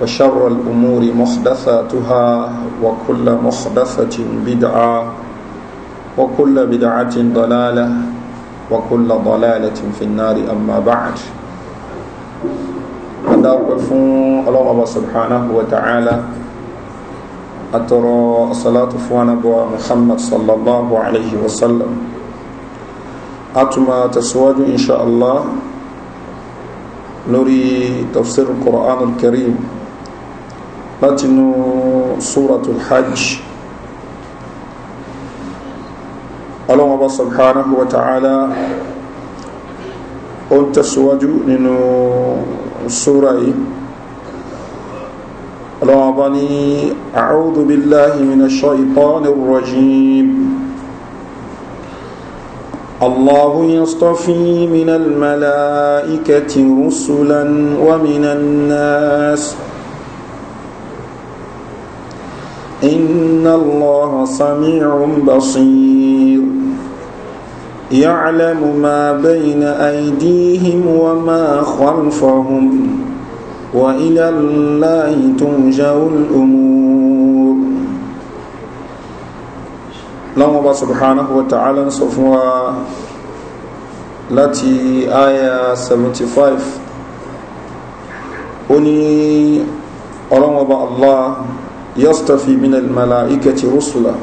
وشر الأمور محدثاتها وكل محدثة بدعة وكل بدعة ضلالة وكل ضلالة في النار أما بعد أدعوكم الله سبحانه وتعالى أترى الصلاة فوانا محمد صلى الله عليه وسلم أتما تسواج إن شاء الله نري تفسير القرآن الكريم látinú suratul hajj ọlọ́wọ́n bá subhanahu wa ta'ala ó ń tẹ̀síwájú nínú sura yìí ọlọ́wọ́n bá ní àrùdù billahi min ash-shaytan ar-rajim الله يصطفي من الملائكة رسلا ومن الناس ومن الناس إن الله سميع بصير يعلم ما بين أيديهم وما خلفهم وإلى الله ترجع الأمور لما سبحانه وتعالى صفوا التي آية 75 أني أرمب الله yastafi min almalaikati rusula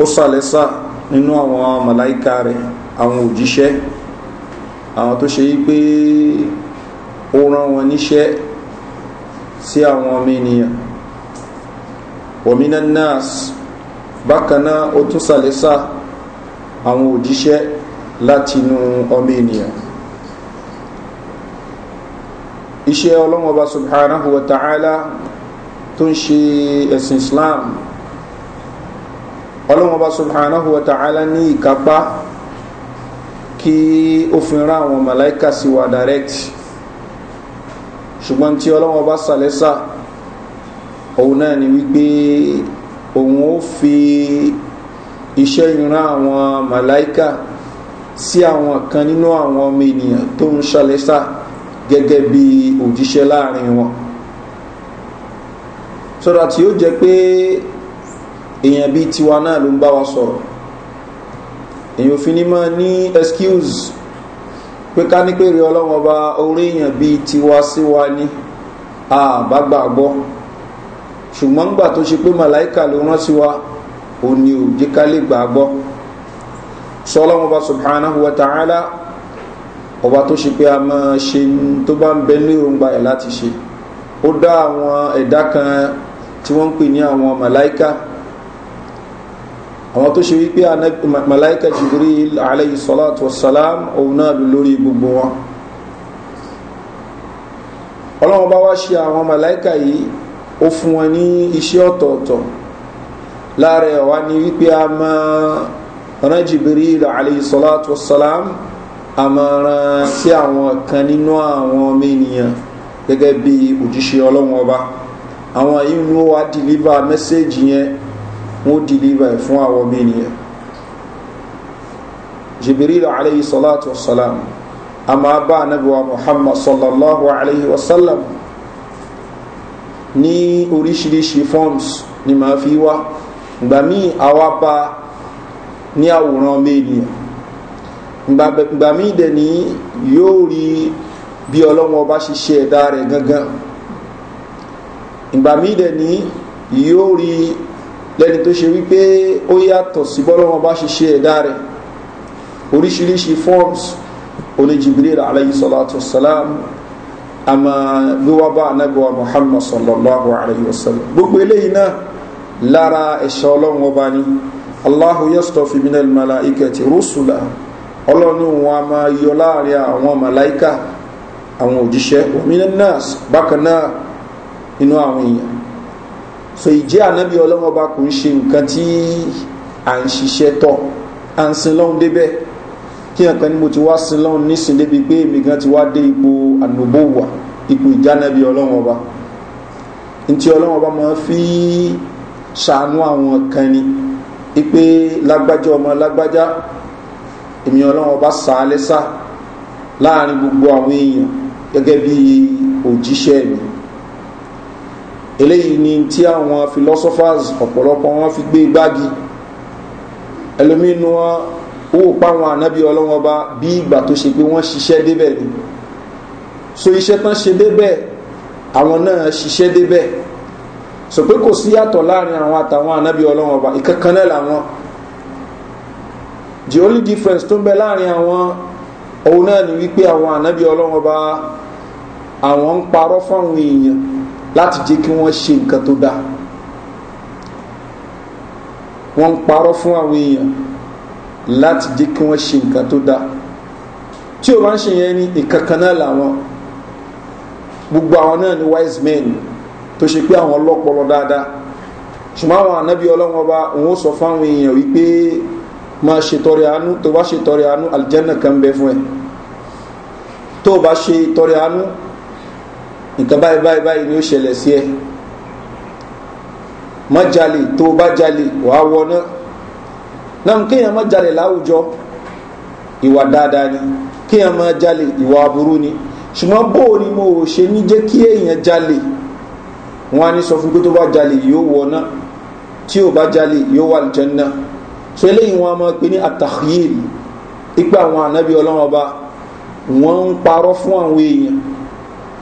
ó sàlẹ́sà nínú àwọn màláìka rẹ̀ àwọn òjíṣẹ́ àwọn tó ṣe wípé ó rán wọn níṣẹ́ sí àwọn ọmọ ènìyàn wọ̀mínà nas bákanáà ó tún sàlẹ́sà àwọn òjíṣẹ́ látinú ọmọ ènìyàn iṣẹ́ ọlọ́wọ́ba subhanahu wa ta'ala tó ń ṣe ẹ̀sìn islam ọlọ́wọ́n bá subhanahu wa ta'ala ní ìkápá kí ó fi rán àwọn màláìka sí wa direct ṣùgbọ́n tí ọlọ́wọ́n bá sàlẹ́sà òun náà ni wípé òun ó fi iṣẹ́ ìran àwọn màláìka sí àwọn kan nínú àwọn ọmọ ènìyàn tó ń sàlẹ́sà gẹ́gẹ́ bí òjíṣẹ́ láàrin wọn sọ́dọ̀ tí ó jẹ́ pé èèyàn bíi tiwa náà ló ń bá wa sọ̀rọ̀ èèyàn òfin ní máa ní excuse pé ká ní pé rí ọlọ́wọ́ bá orí èèyàn bíi tiwa síwa ni àbá gbàgbọ́ ṣùgbọ́n gbà tó ṣe pé màláìkà ló rán sí wa òun ni ò jẹ́ ká lè gbàgbọ́ sọlọ́wọ́ bá subhanahu wa ta'ala ọba tó ṣe pé a máa ṣe tó bá ń bẹ ní òǹgbà ẹ̀ láti ṣe ó dá àwọn ẹ̀dá kan tí wọ́n ń pè ní àwọn màláíkà àwọn tó ṣe wípé màláíkà jibril alayhi salatu wasalam òun náà lò lórí gbogbo wọn ọlọ́wọ́n bá wá ṣe àwọn màláíkà yìí ó fún wọn ní iṣẹ́ ọ̀tọ̀ọ̀tọ̀ láàrẹ ọ̀wá ni wípé a máa rán jibril alayhi salatu wasalam a máa rán sí àwọn kan nínú àwọn ọmọ ènìyàn gẹ́gẹ́ bí òjíṣẹ́ ọlọ́wọ́n ọba àwọn yìí ni wa wá dìlíbà mẹ́sẹ́jì yẹn wọ́n dìlíbà ẹ̀ fún àwọn ọmọ ènìyàn jibril alayhi salatu wa salam a máa bá anabiwa muhammad sallallahu alayhi wa salam. ní oríṣiríṣi forms ni màá fi wá ìgbà míì àwa bá ní àwòrán ọmọ ènìyàn ìgbà míì dẹ̀ ní yóò rí bí ọlọ́wọ́n ọba ṣiṣẹ́ ẹ̀dá rẹ̀ gangan ìgbà míì dẹ̀ ní yóò rí lẹ́ni tó ṣe wípé ó yàtọ̀ sí bọ́lọ́wọ́n bá ṣe ṣe ẹ̀dá rẹ̀ oríṣiríṣi forms oníjìbìrì alayhi salatu salam a máa gbé wá bá anábíwá muhammad sallallahu alayhi wa sallam gbogbo eléyìí náà lára ẹ̀ṣọ́ ọlọ́run ọba ni allahu yastor fi minel malaika ti rusula ọlọ́run wọn a máa yọ láàrin àwọn malaika àwọn òjíṣẹ́ òmìnir nas bákan náà nínú àwọn èèyàn so ìjẹ́ ànábì ọlọ́mọba kò ń ṣe nǹkan tí à ń ṣiṣẹ́ tọ́ à ń sin lọ́hún débẹ̀ kí ẹ̀kan ni mo ti wá sin lọ́hún nísìn débi pé èmi gan ti wá dé ipò ànúbòwà ipò ìjánábì ọlọ́mọba ntí ọlọ́mọba máa fi ṣàánú àwọn kan ni ipe lágbájá ọmọ lágbájá èmi ọlọ́mọba sàálẹ́sà láàrin gbogbo àwọn èèyàn gẹ́gẹ́ bí òjíṣẹ́ mi eléyìí ni tí àwọn philosophers ọ̀pọ̀lọpọ̀ wọn fi gbé gbági ẹlòmínú wọn ó páwọn ànábì ọlọ́wọ́n bá bí ìgbà tó ṣe pé wọ́n ṣiṣẹ́ débẹ̀ ni so iṣẹ́ tán ṣe débẹ̀ àwọn náà ṣiṣẹ́ débẹ̀ so pé kò sí yàtọ̀ láàrin àwọn àtàwọn ànábì ọlọ́wọ́n bá ìkankan náà làwọn the only difference tó ń bẹ láàrin àwọn òun náà ni wípé àwọn ànábì ọlọ́wọ́n bá àwọn ń parọ́ fáwọn èèyàn láti jẹ́ kí wọ́n ṣe nǹkan tó dáa wọ́n ń parọ́ fún àwọn èèyàn láti jẹ́ kí wọ́n ṣe nǹkan tó dáa tí o bá ń ṣe yẹn ní ìkankan náà làwọn gbogbo àwọn náà ni wise men tó ṣe pé àwọn ọlọ́pọlọ dáadáa ṣùgbọ́n àwọn ànábì ọlọ́wọ́n ọba òun ó sọ fáwọn èèyàn wípé máa ṣètọrẹ àánú tó bá ṣètọrẹ àánú àlìjẹ́nà kan bẹ fún ẹ tó bá ṣètọrẹ àánú nǹkan báyìí báyìí báyìí ni ó ṣẹlẹ̀ sí ẹ má jalè tó o bá jalè wàá wọná náà kéèyàn má jalè láwùjọ ìwà dáadáa ni kéèyàn má jalè ìwà aburú ni ṣùgbọ́n bó o ni mo ò ṣe ní jẹ́ kí èèyàn jalè wọn á ní sọ fún pé tó bá jalè yóò wọná tí o bá jalè yóò wà lìjẹ́nà so eléyìí wọn a máa pe ní àtàkìyèlì ipa àwọn ànábì ọlọ́wọ́n ọba ń parọ́ fún àwọn èèyàn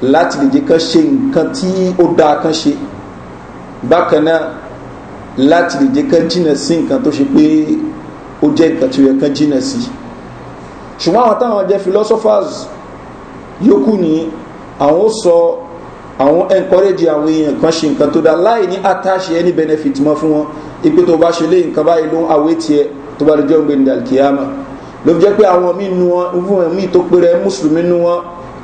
láti lè jẹ́ kán ṣe nǹkan tí ó dáa kán ṣe bákan náà láti lè jẹ́ kán jìnà sí nǹkan tó ṣe pé ó jẹ́ nǹkan tí ó yẹ kán jìnà sí ṣùgbọ́n àwọn táwọn jẹ́ philosophers yókù ní àwọn ó sọ àwọn encourage àwọn èèyàn kan ṣe nǹkan tó dáa láì ní attach any benefit mọ́ fún wọn ipe tó bá ṣe lé nǹkan báyìí ló ń awé tiẹ̀ tó bá lè jẹ́ ògbéǹdà kìámà ló fi jẹ́ pé àwọn míì nu wọn fún wọn míì tó péré mùsùlùmí nu wọn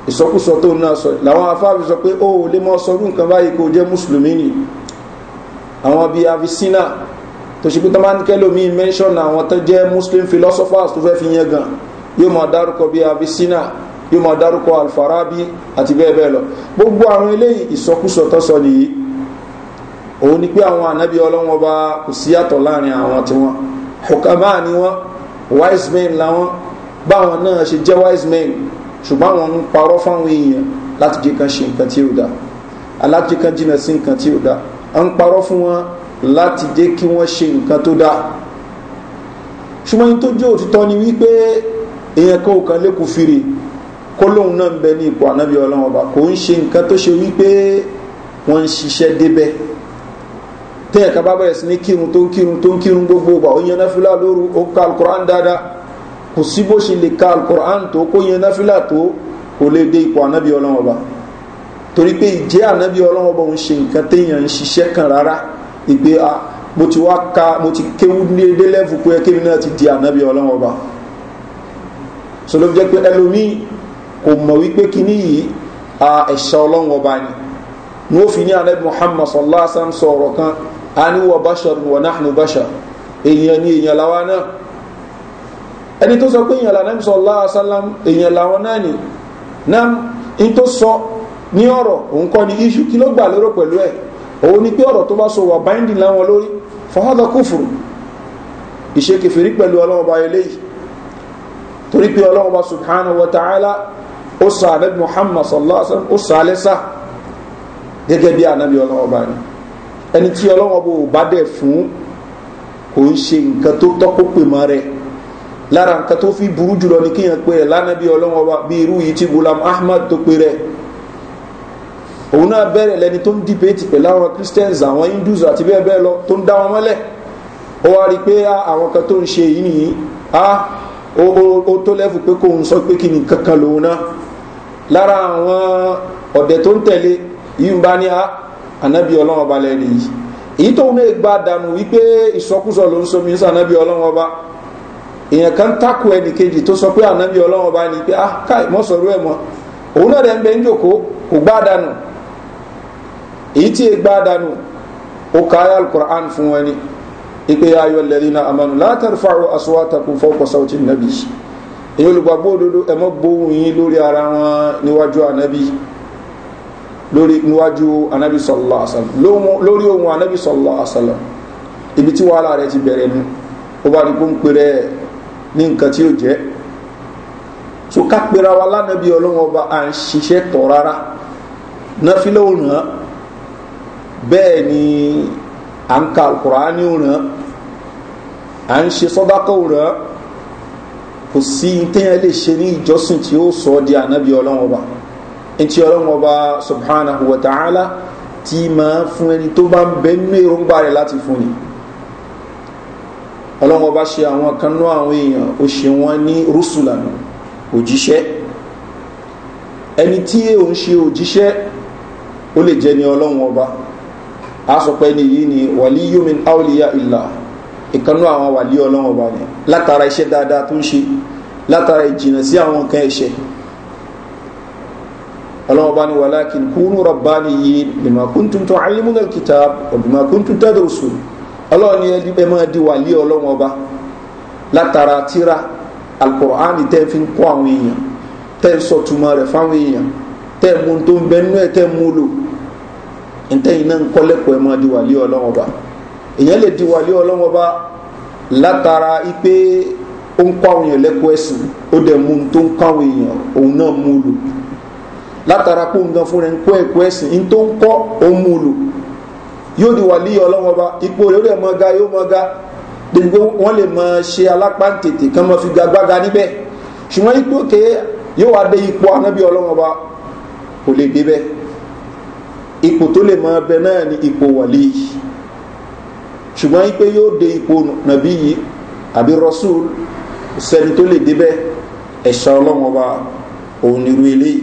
ìsọkúsọ tó náà sọ làwọn afáàfi sọ pé ó lè mọ sọrú nǹkan báyìí kó jẹ́ mùsùlùmí ni àwọn bíi avicina tó ṣe pé tó máa ń kẹ́lòmí mẹ́ńsọ̀nù àwọn tó jẹ́ muslim philosophers tó fẹ́ fi yẹn gan yóò máa dárúkọ bíi avicina yóò máa dárúkọ alfarabi àti bẹ́ẹ̀ bẹ́ẹ̀ lọ gbogbo àwọn eléyìí ìsọkúsọ tó sọ nìyí òun ni pé àwọn ànábì ọlọ́wọ́n bá kò síyàtọ̀ láàrin àwọn tiwọn hukama ni wọn wise men làwọn báwọn náà ṣe jẹ́ wise men ṣùgbọ́n àwọn ń parọ́ fáwọn èèyàn láti jẹ́ kan ṣe nǹkan tí ó dá aláti kan jìnà sí nǹkan tí ó dá a ń parọ́ fún wọn láti jẹ́ kí wọ́n ṣe nǹkan tó dá ṣùgbọ́n yìí tó jẹ́ òtítọ́ ni wípé èèyàn kan ò kan lè kú fìrì kó lóun náà ń bẹ ní ipò ànábì ọlọ́run ọba kò ń ṣe nǹkan tó ṣe wípé wọ́n ń ṣiṣẹ́ débẹ̀ téèyàn bá bẹ̀rẹ̀ sí ní kírun tó ń kírun tó ń kírun gbogbo ọba ó yan náfìlà lóru ó ka alukoran dáadáa kò sí bó ṣe lè ka alukur'an tó kó yẹn náfìlà tó kò lè dé ipò ànábì ọlọ́wọ́n ọba torí pé ìjẹ́ ànábì ọlọ́wọ́n ọba òun ṣe nǹkan téèyàn ń ṣiṣẹ́ kan rárá ìgbé a mo ti wá ka mo ti kéwú ní edé lẹ́fù pé kéwú náà ti di ànábì ọlọ́wọ́n ọba so jẹ́ pé ẹlòmíì kò mọ̀ wípé kíní yìí a ẹ̀ṣà ọlọ́wọ́n ọba ni ní ó ní ànábì muhammad sallallahu alaihi wa sallam sọ ọ̀rọ̀ kan a ní wọ bashar wọ náà ní èèyàn láwa ẹni tó sọ pé èèyàn lànàmì sọ aláàsálàm èèyàn làwọn náà ni náà in tó sọ ní ọ̀rọ̀ òun kọ́ ni iṣu kí ló gbà lérò pẹ̀lú ẹ̀ òun ni pé ọ̀rọ̀ tó bá so wà binding láwọn lórí fọ́hádà kúfùrù ìṣe kẹfìrí pẹ̀lú ọlọ́wọ́ bá eléyìí torí pé ọlọ́wọ́ bá subhanahu wa ta'ala ó sa ànábì muhammad sallallahu alẹ́sà gẹ́gẹ́ bí ànábì ọlọ́wọ́ bá ẹni tí ọlọ́wọ́ bó bá dẹ̀ fún kò ń ṣe nǹkan tó tọ́kó mọ́ rẹ̀ lára nǹkan tó fi burú jùlọ ní kíyàn pé ẹ̀ lánàbí ọlọ́wọ́ wa bí irú yìí tí gulam ahmad tó pe rẹ̀ òun náà bẹ̀rẹ̀ lẹni tó ń dìbẹ́tì pẹ̀lú àwọn christians àwọn hindus àti bẹ́ẹ̀ bẹ́ẹ̀ lọ tó ń dá wọn mọ́lẹ̀ ó wá rí pé àwọn kan tó ń ṣe yìí nìyí ó tó lẹ́fù pé kóun sọ pé kí ni kankan lòun náà lára àwọn ọ̀dẹ̀ tó ń tẹ̀lé yìí ń bá ní á ànábì ọlọ́wọ́ balẹ̀ nìyí èyí tóun náà gbá dànù wípé ìsọkúsọ ló ń sọ ń sànábì ọlọ́wọ́ bá èèyàn kan tako ẹnì kejì tó sọ pé ànábì ọlọ́wọ́n bá ní pé ah káì mọ́ sọ̀rọ̀ ẹ̀ mọ́ òun náà dẹ̀ ń bẹ ń jòkó kò gbá dànù èyí tí e gbá dànù ó ka ayé alukur'an fún wọn ni ipe ayọ̀ lẹ́rìí náà amánu látàrí fáwọn aṣọ àtàkùn fọ́pọ̀ sáwọ́tì nàbì èyí olùgbàgbọ́ òdodo ẹ mọ́ gbóhùn yín lórí ara wọn níwájú ànábì lórí níwájú ànábì sọ̀lọ́ àṣàlọ́ lórí ohun ànábì sọ̀lọ́ àṣàlọ́ ibi tí wàhálà rẹ ti bẹ̀rẹ̀ nu ó bá rí pé ń pèrè ẹ̀ ní nǹkan tí ó jẹ́ so ká pera wa lánàbí ọlọ́wọ́n ọba à ń ṣiṣẹ́ tọ̀ rárá náfílẹ̀ ò ràn án bẹ́ẹ̀ ni à ń ka alukur'ani ò ràn án à ń ṣe sọ́dákọ̀ ò kò sí téèyàn lè ṣe ní ìjọsìn tí ó sọ di ànábì ọlọ́wọ́n ọba ntí ọlọ́wọ́n ọba subhanahu wa ta'ala ti máa fún ẹni tó bá ń bẹ nínú èròǹgbà rẹ̀ láti fún ni ọlọ́wọ́n bá ṣe àwọn kanú àwọn èèyàn ó ṣe wọ́n ní rúsùlànà òjíṣẹ́ ẹni tí ó ń ṣe òjíṣẹ́ ó lè jẹ́ ni ọlọ́wọ́n ọba a sọ pé ní yìí ni wàlí yomin aulia ìlà ìkanú àwọn wàlí ọlọ́wọ́n ọba ni látara iṣẹ́ dáadáa tó ń ṣe látara ìjìnà sí àwọn nǹkan ẹ̀ṣẹ̀ ọlọ́wọ́n bá ní wàlákin kúnú rọ̀bá ni yìí bìmọ̀ kúntùntàn alimunal kitab ọ̀bìmọ̀ kúntùntàn dọ̀sùn ọlọ́run ni ẹ máa di wàlí ọlọ́run ọba látara tíra alukur'ani tẹ́ fi ń kọ́ àwọn èèyàn tẹ́ ń sọ tuma rẹ̀ fáwọn èèyàn tẹ́ mú tó ń bẹ nínú ẹ̀ tẹ́ mú lò ntẹ́yìn náà ń kọ́ lẹ́kọ̀ọ́ ẹ máa di wàlí ọlọ́run ọba èèyàn lè di wàlí ọlọ́run ọba látara ipe ó ń kọ́ àwọn èèyàn lẹ́kọ̀ọ́ ẹ̀sìn ó dẹ̀ mú tó ń kọ́ àwọn èèyàn òun náà mú lò látara kó ń gan fún ń kọ́ ẹ̀kọ́ ẹ̀sìn ń tó ń kọ́ ó mú lò yóò di wà líyà ọlọ́wọ́n ọba ipò rẹ̀ ó rẹ̀ mọ ga yóò mọ ga débi pé wọ́n lè mọ ṣe alápá tètè kán mọ fi gagbága níbẹ̀ ṣùgbọ́n ipò ké yóò wá dé ipò anábì ọlọ́wọ́n ọba kò lè dé bẹ́ẹ̀ ipò tó lè mọ ọbẹ̀ náà ni ipò wà líyì ṣùgbọ́n ipò yóò dé ipò nàbí yìí àbí rọ́ṣùl sẹ́ni tó lè dé bẹ́ẹ̀ ẹ̀ṣọ́ ọlọ́wọ́n ọba òun nírú eléyìí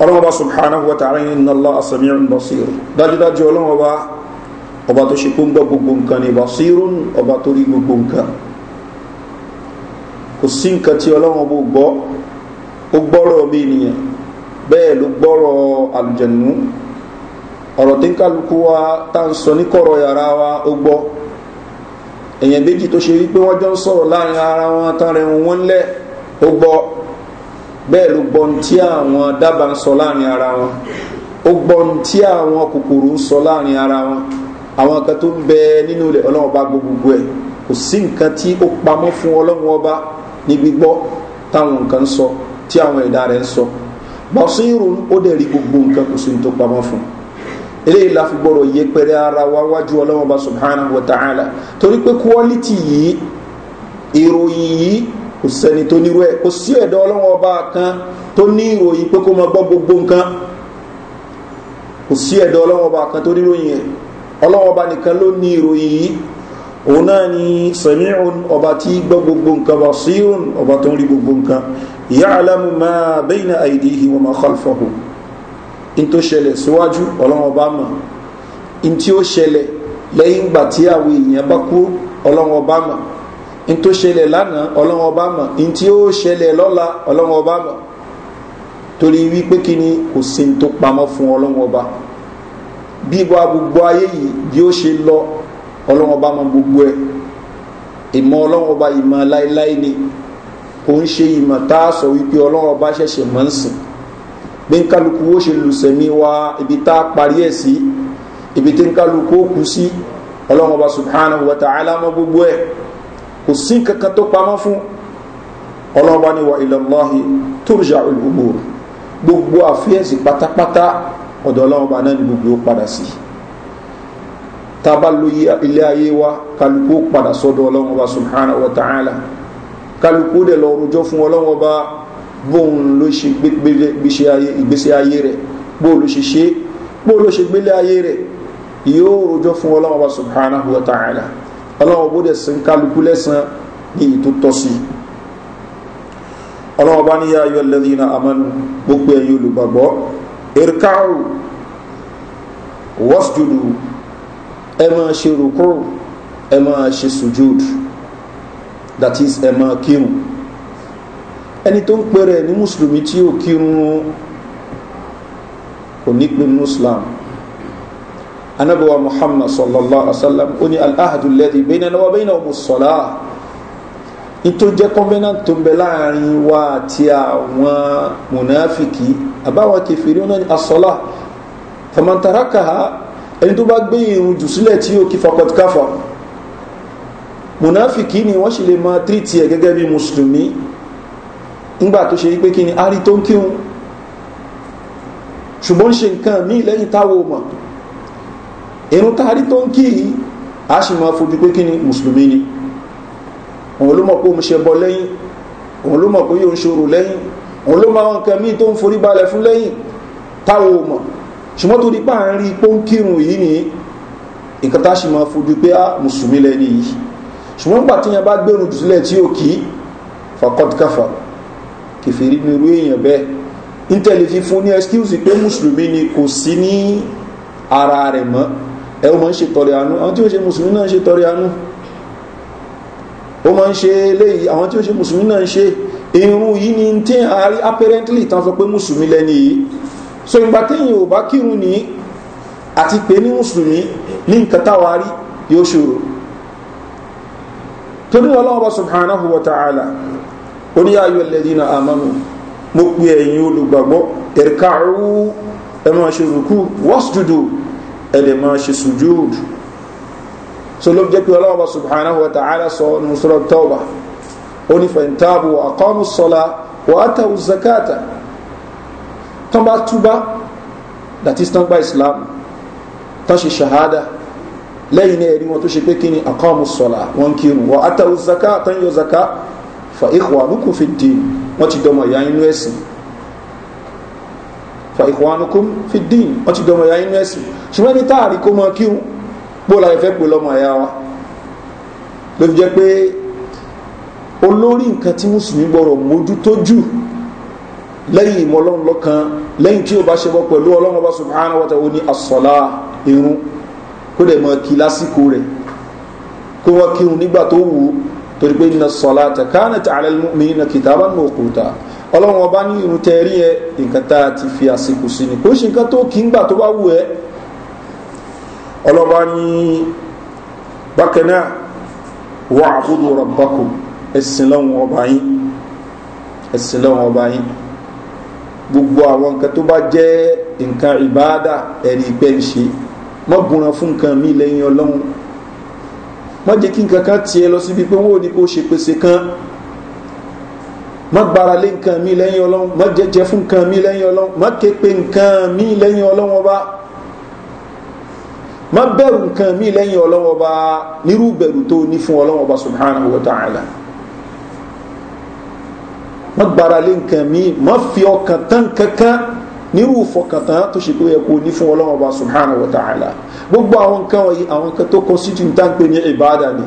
ọlọ́mọba subhanahu wa ta'ala yìí nà lọ asàmì basiru dájúdájú ọlọ́mọba ọba tó ṣe kóńgbà gbogbo nǹkan ni basiru ọba tó rí gbogbo nǹkan kò sí nǹkan tí ọlọ́mọba gbọ́ ó gbọ́rọ̀ bí nìyẹn bẹ́ẹ̀ ló gbọ́rọ̀ àlùjẹ̀nu ọ̀rọ̀ tí ń kálukú wa tá ń sọ ní kọ̀rọ̀ yàrá wa ó gbọ́ èèyàn méjì tó ṣe wípé wọ́n jọ ń sọ̀rọ̀ láàrin ara wọn tán rẹ̀ wọ́n lẹ̀ ó gbọ́ bẹ́ẹ̀ ló gbọ́n tí àwọn dábàá ń sọ láàrin ara wọn ó gbọ́n tí àwọn kòkòrò ń sọ láàrin ara wọn àwọn kan tó ń bẹ nínú ilẹ̀ ọlọ́run ọba gbogbo ẹ̀ kò sí nǹkan tí ó pamọ́ fún ọlọ́run ọba ní gbígbọ́ táwọn nǹkan ń sọ tí àwọn ẹ̀dá rẹ̀ ń sọ ó dẹ̀ rí gbogbo nǹkan kò sí ní tó pamọ́ fún eléyìí la fi gbọ́dọ̀ yé pẹ̀lẹ́ ara wa wájú kò sẹ́ni tó nírú ẹ̀ kò sí ẹ̀dọ́ ọlọ́wọ́n ọba kan tó ní ìròyìn pé kó mọ gbọ́ gbogbo nǹkan kò sí ẹ̀dọ́ ọlọ́wọ́n ọba kan tó níròyìn ẹ̀ ọlọ́wọ́n ọba nìkan ló ní ìròyìn yìí òun náà ni sẹ̀míhùn ọba tí gbọ́ gbogbo nǹkan bá síhùn ọba tó ń rí gbogbo nǹkan ìyá alámù máa bẹ́yìn àìdí ìwọ̀n máa kọ́lfọ̀hù in tó ṣẹlẹ̀ síwájú ọlọ́wọ́n ọba mọ̀ in tí ó ṣẹlẹ̀ lẹ́yìn ìgbà tí àwọn èèyàn bá kú ọlọ́wọ́n ọba mọ̀ n tó ṣẹlẹ̀ lánàá ọlọ́run ọba mọ̀ n tí ó ṣẹlẹ̀ lọ́la ọlọ́run ọba mọ̀ torí wípé kí ni kò sí n tó pamọ́ fún ọlọ́run ọba bí ibà gbogbo ayé yìí bí ó ṣe lọ ọlọ́run ọba mọ gbogbo ẹ̀ ìmọ̀ ọlọ́run ọba ìmọ̀ láéláé ni kò ń ṣe ìmọ̀ tá a sọ wípé ọlọ́run ọba ṣẹ̀ṣẹ̀ mọ̀ ń sìn bí n ó ṣe lùsẹ̀mí wa ibi tá a parí ẹ̀ sí ibi tí n ó kú sí ọlọ́run ọba subhanahu wa ta'ala mọ gbogbo ẹ̀ kò sí kankan tó pamọ́ fún ọlọ́ba ni wà ìlàláhi tóòjà olùgbò gbogbo àfíẹ́sì pátápátá ọ̀dọ̀ ọlọ́ba náà ni gbogbo padà sí tábà lóye ilé ayé wa kálukú padà sọ́dọ̀ ọlọ́ba subhana wa ta'ala kálukú dẹ̀ lọ rojọ́ fún ọlọ́ba bóun ló ṣe ìgbésí ayé rẹ̀ bóun ló ṣe ṣe bóun ló ṣe gbélé ayé rẹ̀ yóò rojọ́ fún ọlọ́ba subhana wa ta'ala ọlọ́wọ́ bó dẹ̀ sí kálukú lẹ́sàn ní ètò tọ́sí ọlọ́wọ́ bá níyà ayọ́ lẹ́dínà amánu gbogbo ẹ̀yìn olùgbàgbọ́ erkaru wasjudu ẹ máa ṣe rukuru ẹ máa ṣe sujud that is ẹ máa kírun ẹni tó ń pèrè ní mùsùlùmí tí ó kírun kò ní pinnu islam anabiwa muhammad sallallahu alaihi wa sallam ó ní alahadu lẹ́dí bẹ́ẹ̀ náà wọ́n bẹ́ẹ̀ náà mo sọ̀lá ìtòjẹ́ kọ́mẹ́nà tó ń bẹ láàrin wa àti àwọn mùnàfìkì àbáwọn kẹfìrí náà ní asọ́lá fàmàntàràkà ẹni tó bá gbé irun jù sílẹ̀ tí yóò kí fakọtìkáfà ni wọ́n sì lè máa tírìtì ẹ̀ gẹ́gẹ́ bí mùsùlùmí ńgbà tó ṣe pé kí ari tó ń kírun ṣùgbọ́n ṣe nǹkan míì lẹ́yìn táwọn mọ̀ irun taari tó ń kí yìí a sì máa fojú pé kí ni mùsùlùmí ni òun ló mọ̀ pé òun ṣe bọ lẹ́yìn òun ló mọ̀ pé yóò ń ṣòro lẹ́yìn òun ló máa ń kẹ míì tó ń forí balẹ̀ fún lẹ́yìn táwọn ò mọ̀ ṣùgbọ́n tó di pa à ń rí pó ń kírun yìí ni nǹkan tá a sì máa fojú pé a ah, mùsùlùmí lẹ́ni yìí ṣùgbọ́n nígbà tí yẹn bá gbẹ̀rùn jù sílẹ̀ tí ó kì í fakọ́tìkàfà kẹfìrí ni irú èèyàn bẹ́ẹ̀ intel fi fún ní excuse pé mùsùlùmí ni kò sí ní ara rẹ̀ mọ́ ẹ o máa ń ṣe tọrẹ àánú àwọn tí ó ṣe mùsùlùmí náà ń ṣe tọrẹ àánú ó máa ń ṣe léyìí àwọn tí ó ṣe mùsùlùmí náà ń ṣe irun yìí ni tí a apparently tán sọ pé mùsùlùmí lẹ́ni yìí so ìgbà téèyàn ò bá kírun ní àti pé ní mùsùlùmí ní nǹkan táwa rí yóò ṣòro torí ọlọ́wọ́ bá subhanahu wa ta'ala oníyàyò lẹ́dínà àmánu mo pè ẹ̀yìn olùgbàgbọ́ ẹ̀rkàrú ẹ̀mọ̀ ṣe rùkú wọ́sùdùdù ẹ̀dẹ̀ máa ṣe sùjúd so ló jẹ́ pé ọlọ́wọ́ subhanahu wa ta'ala sọ ní sọ́rọ̀ tọ́wà ó ní fẹ̀ntàbù àkọ́mù sọ́la wà á tàwù zakata tán bá túbá that is tán gba islam tán ṣe ṣahada lẹ́yìn ẹ̀rí wọn tó ṣe pé kí ni àkọ́mù sọ́la wọn kírun wà á tàwù zakata tán zaka fa ìhùwà nukú fi dì wọ́n ti dọmọ ìyá inú ẹ̀sìn fa ikhwanukum fi din wọ́n ti dọmọ ya inú ẹ̀sìn ṣùgbọ́n ní táàrí kó mọ kí wọn bóòlà ìfẹ́ pè lọ́mọ ẹ̀yà wa ló fi jẹ́ pé olórí nǹkan tí mùsùlùmí gbọ́rọ̀ mójútó lẹ́yìn ìmọ̀ ọlọ́run lọ́kan lẹ́yìn tí ó bá ṣe bọ́ pẹ̀lú ọlọ́run ọba subhana wata ó ní asọ̀lá irun kó dẹ̀ mọ̀ kí lásìkò rẹ̀ kó wọ́n kírun nígbà tó wù torí pé ní asọ̀lá tẹ̀kánà tààlẹ́ mi ní kìtàbá òkúta ọlọ́run ọba ní irun tẹ rí ẹ nǹkan tá a ti fi àsìkò sí ni kò ṣe nǹkan tó kí ń gbà tó bá wù ẹ ọlọ́ba ní bákan náà wà àbúrò rọ̀bákò ẹ̀sìn lọ́wọ́n ọba yín gbogbo àwọn nǹkan tó bá jẹ́ nǹkan ìbáadà ẹ̀rí ìpẹ́ ń ṣe mọ́ fún nǹkan mí lẹ́yìn ọlọ́run mọ́ kí nǹkan kan tiẹ̀ lọ síbi pé wọ́n ò ní kó ṣe pèsè kan má gbára lé nǹkan mi lẹ́yìn ọlọ́run má jẹjẹ fún nǹkan mi lẹ́yìn ọlọ́run má ké pe nǹkan mi lẹ́yìn ọlọ́run ọba má bẹ̀rù nǹkan mi lẹ́yìn ọlọ́run ọba nírú bẹ̀rù tó ní fún ọlọ́run ọba subhanahu wa ta'ala má gbára lé nǹkan mi má fi ọkàn tán kankan nírú ìfọkàntán tó ṣe pé yẹ kó ní fún ọlọ́run ọba subhanahu wa ta'ala gbogbo àwọn nǹkan wọ̀nyí àwọn nǹkan tó constitute tá ń pè ní ìbáadà ni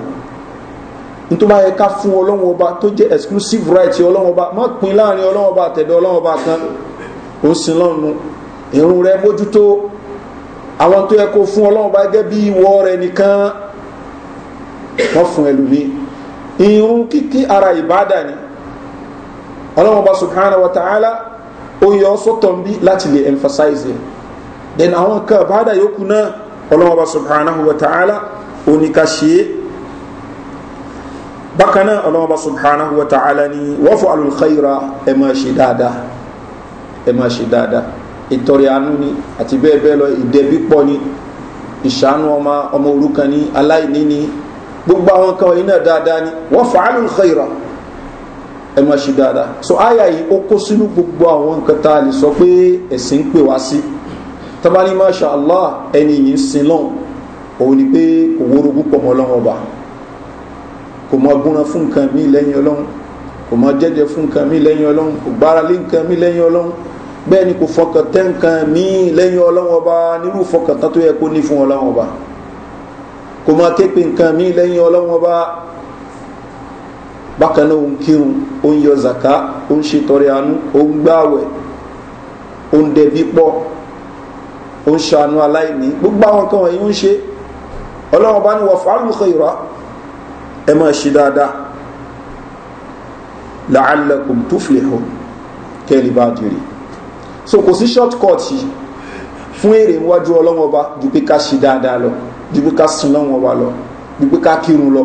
nítorí báyẹ ká fún ọlọ́run ọba tó jẹ́ exclusive right ọlọ́run ọba má pin láàrin ọlọ́run ọba àtẹ̀dọ̀ ọlọ́run ọba kan ó sin lọ́nu ìrun rẹ mójútó àwọn tó yẹ kó fún ọlọ́run ọba gẹ́gẹ́ bí ìwọ rẹ nìkan wọ́n fún ẹlòmíì ìrun kíkí ara ìbáàdà ni ọlọ́run ọba subhanahu wa ta'ala ó yọ ọ́ sọ́tọ̀ ń bí láti lè emphasize then àwọn kan ìbáàdà yòókù náà ọlọ́run ọba subhanahu wa ta'ala ó bákan náà ọlọ́mọba subhanahu wa ta'ala ni wọ́n fọ alùkhaira ẹ máa ṣe dáadáa ẹ máa ṣe dáadáa ìtọrẹ àánú ni àti bẹ́ẹ̀ bẹ́ẹ̀ lọ ìdẹ́bí pọ̀ ni ìṣàánú ọmọ ọmọ òrukàn ni aláìní ni gbogbo àwọn kan iná dáadáa ni wọ́n fọ alùkhaira ẹ máa ṣe dáadáa so àyà yìí ó kó sínú gbogbo àwọn nǹkan tá a lè sọ pé ẹ̀sìn ń pè wá sí tabali masha allah ẹni yìí ń sin lọ́hùn òun ni pé òwúrò púpọ̀ mọ́ lọ́wọ́ kò mọ gúnran fún nǹkan mi lẹ́yìn ọlọ́run kò mọ jẹ́jẹ́ fún nǹkan mi lẹ́yìn ọlọ́run kò gbáralé nǹkan mi lẹ́yìn ọlọ́run bẹ́ẹ̀ ni kò fọkàn tẹ́ nǹkan mi lẹ́yìn ọlọ́run ọba nírú fọkàn tán tó yẹ kó ní fún ọlọ́run ọba kò mọ képe nǹkan mi lẹ́yìn ọlọ́run ọba bákan náà òun kírun òun yọ zaka òun ṣètọrẹ àánú òun gbáwẹ̀ òun dẹ̀bí pọ̀ òun ṣàánú aláìní gbogbo àwọn kan wọ̀nyí ń ṣe ọlọ́run ọba ni wọ́n fàálù kọ ìrọ̀ ẹ máa ṣe dáadáa la'allakum tuflihun kẹ́lì bá jèrè so kò sí shortcut fún èrè níwájú ọlọ́wọ́ ọba ju pé ká ṣe dáadáa lọ ju pé ká sin lọ́wọ́ ọba lọ ju pé ká kírun lọ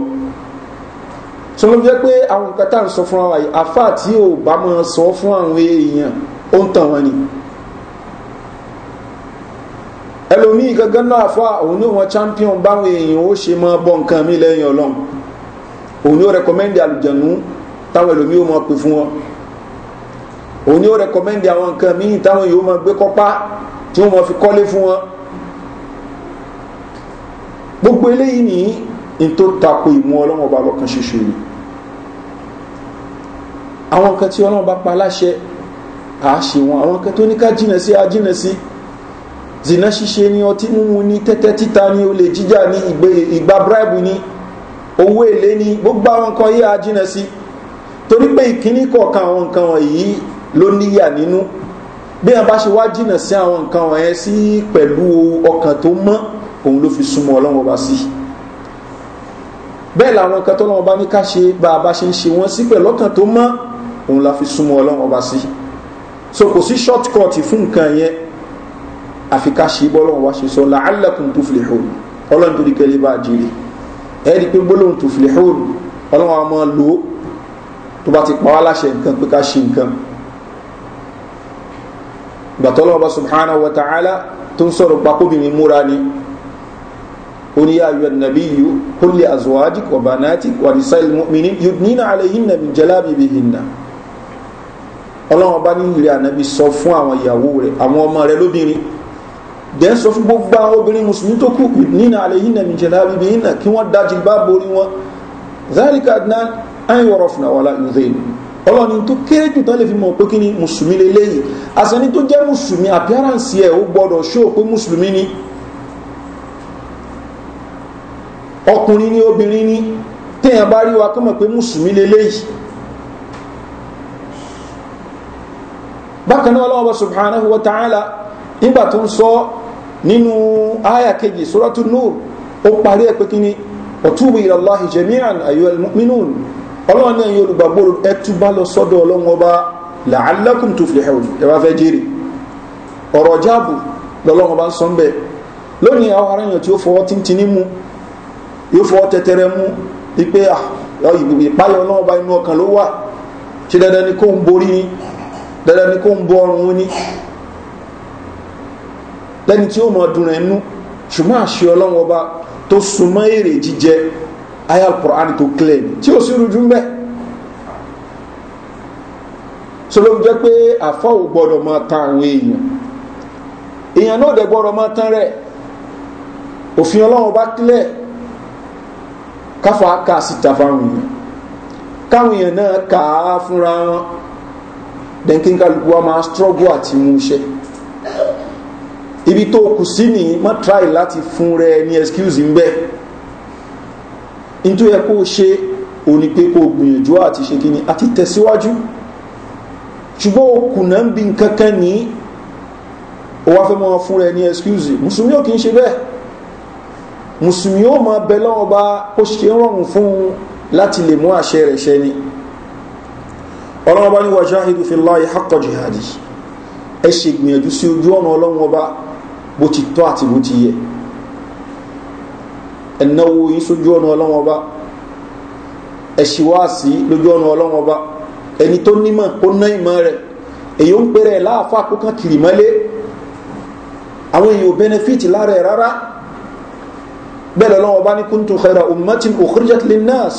so ló jẹ́ pé àwọn nǹkan tá à ń sọ fún wa yìí àfa tí ò bá máa sọ fún àwọn èèyàn ó ń tàn wọn ni ẹlòmíì gangan náà àfa òun ní wọn champion báwọn èèyàn ó ṣe máa bọ nǹkan mi lẹ́yìn ọlọ́run òun yóò rẹkọmẹ́ndì àlùjẹ̀nú táwọn ẹlòmíì yóò máa pè fún wọn òun yóò rẹkọmẹ́ndì àwọn nǹkan míì táwọn yóò máa gbé kọ́pá tí wọ́n máa fi kọ́lé fún wọn gbogbo eléyìí ní in tó tako ìmú ọlọ́wọ́n ọba lọ́kan ṣoṣo ni àwọn nǹkan tí ọlọ́wọ́n bá pa aláṣẹ àṣe wọn àwọn nǹkan tó ní ká jìnà sí ajínà sí zina ṣíṣe ni ọtí mímu ní tẹ́tẹ́ títa ni olè jíjà ní ìgbà bíráìbù ni owó èlé ni gbogbo àwọn nǹkan yìí ajínà sí torí pé ìkíní kọ̀ọ̀kan àwọn nǹkan wọ̀nyí ló níyà nínú bí wọn bá ṣe wá jìnà sí àwọn nǹkan wọ̀nyẹn sí pẹ̀lú ọkàn tó mọ́ òun ló fi súnmọ́ ọlọ́run ọba sí bẹ́ẹ̀ làwọn nǹkan tọ́lọ́run bá ní ká ṣe bá a bá ṣe ń ṣe wọ́n sí pẹ̀lú ọkàn tó mọ́ òun la fi súnmọ́ ọlọ́run ọba sí so kò sí shortcut fún nǹkan yẹn àfi ká ṣe bọ́ ọlọ́run wá ṣe sọ làálẹ̀kùn tó fi lè hò ọlọ́run tó ní kẹ́lẹ́ bá a jèrè ẹ̀ẹ́dì pé gbólóhùn tó fìlẹ̀ hóòrù ọlọ́run àmọ́ lò ó tó bá ti pa wá láṣẹ nǹkan pé ká ṣe nǹkan gbàtọ́lọ́wọ́ bá subhana wa ta'ala tó ń sọ̀rọ̀ pakóbìnrin múra ni ó ní yá ayọ̀ nàbí yìí kó lè azuwájì kọ̀ bànáàtì wà ní sáìlì mọ́mìnì nínú àlẹ́yìn nàbí jẹ́lábì bí hinna ọlọ́run bá ní ìrẹ́ sọ fún àwọn ìyàwó rẹ̀ àwọn ọmọ rẹ̀ lóbìnrin dẹ̀ sọ fún gbogbo àwọn obìnrin musulmi tó kù nínú alẹ́ yìí nàmì jẹ̀lá bíbí yìí nà kí wọ́n dájú bá borí wọn zálìkà adná ayọ̀rọ̀ fún àwọn aláìlú ọlọ́ni tó kéré jù tán lè fi mọ̀ pé kí ni musulmi lélẹ́yìí àsẹni tó jẹ́ musulmi appearance ẹ̀ ó gbọ́dọ̀ ṣó pé musulmi ni ọkùnrin ni obìnrin ni téèyàn bá rí wa kọ́mọ̀ pé musulmi lélẹ́yìí bákan náà ọlọ́wọ́ subhanahu wa ta'ala nígbà tó ń sọ nínú aya kejì suratu nur ó parí ẹ̀ pé kí ni ọ̀túbù ìrànláhi jẹ̀míàn ayọ̀lmínún ọlọ́run náà yóò olùgbàgbọ́ ẹtúbá lọ sọ́dọ̀ ọlọ́run ọba làálẹ́kùn tó fi hẹ̀wọ̀n ẹ bá fẹ́ jèrè ọ̀rọ̀ jáàbù lọ́lọ́run ọba ń sọ bẹ́ẹ̀ lónìí àwọn aráyàn tí ó fọwọ́ tíntìní mu yóò ah, ni kó ń borí ni dandan ni kó ń bọ ọrùn ni lẹ́ni tí ó mọ dùn rẹ̀ nú ṣùgbọ́n àṣẹ ọlọ́run ọba tó súnmọ́ èrè jíjẹ ayal quran tó clear ni tí ó sì rújú ń bẹ́ so ló jẹ́ pé àfọ́ ò gbọ́dọ̀ máa tan àwọn èèyàn èèyàn náà dẹ̀ gbọ́dọ̀ máa tan rẹ̀ òfin ọlọ́run ọba clear káfa ká síta fáwọn èèyàn káwọn èèyàn náà kà á fúnra wọn dẹ̀kínkálukú wa máa struggle àti mú iṣẹ́ ibi tó kù sí ní má try láti fún rẹ ní excuse ń bẹ́ nítorí ẹ kó ṣe ò ní pé kó gbìyànjú àti ṣe kíni àti tẹ̀síwájú ṣùgbọ́n o kùnà ń bi nǹkan ní o wá fẹ́ mọ́ fún rẹ ní excuse mùsùlùmí ò kì í ṣe bẹ́ẹ̀ mùsùlùmí ó máa bẹ lọ́wọ́ bá ó ṣe rọrùn fún un láti lè mú àṣẹ rẹ̀ ṣẹ ni ọlọ́wọ́ ní wàjáhìdù fi láyé hákọ̀ jihadi ẹ ṣe gbìyànjú sí ojú ọ̀nà ọlọ́wọ́ bá bó ti tọ́ àti bó ti yẹ ẹ̀náwó yìí sójú ọ̀nà ọlọ́wọ́n bá ẹ̀ṣíwáàsí lójú ọ̀nà ọlọ́wọ́n bá ẹni tó nímọ̀ kó ná ìmọ̀ rẹ̀ èyí ń pèrè láàfà kó kàn kiri mọ́lé àwọn èyí ò bẹ́nẹ́fìtì lára ẹ̀ rárá bẹ́ẹ̀ lọ́wọ́n bá ní kúntù xẹ́ra ummatin okhrijat linnas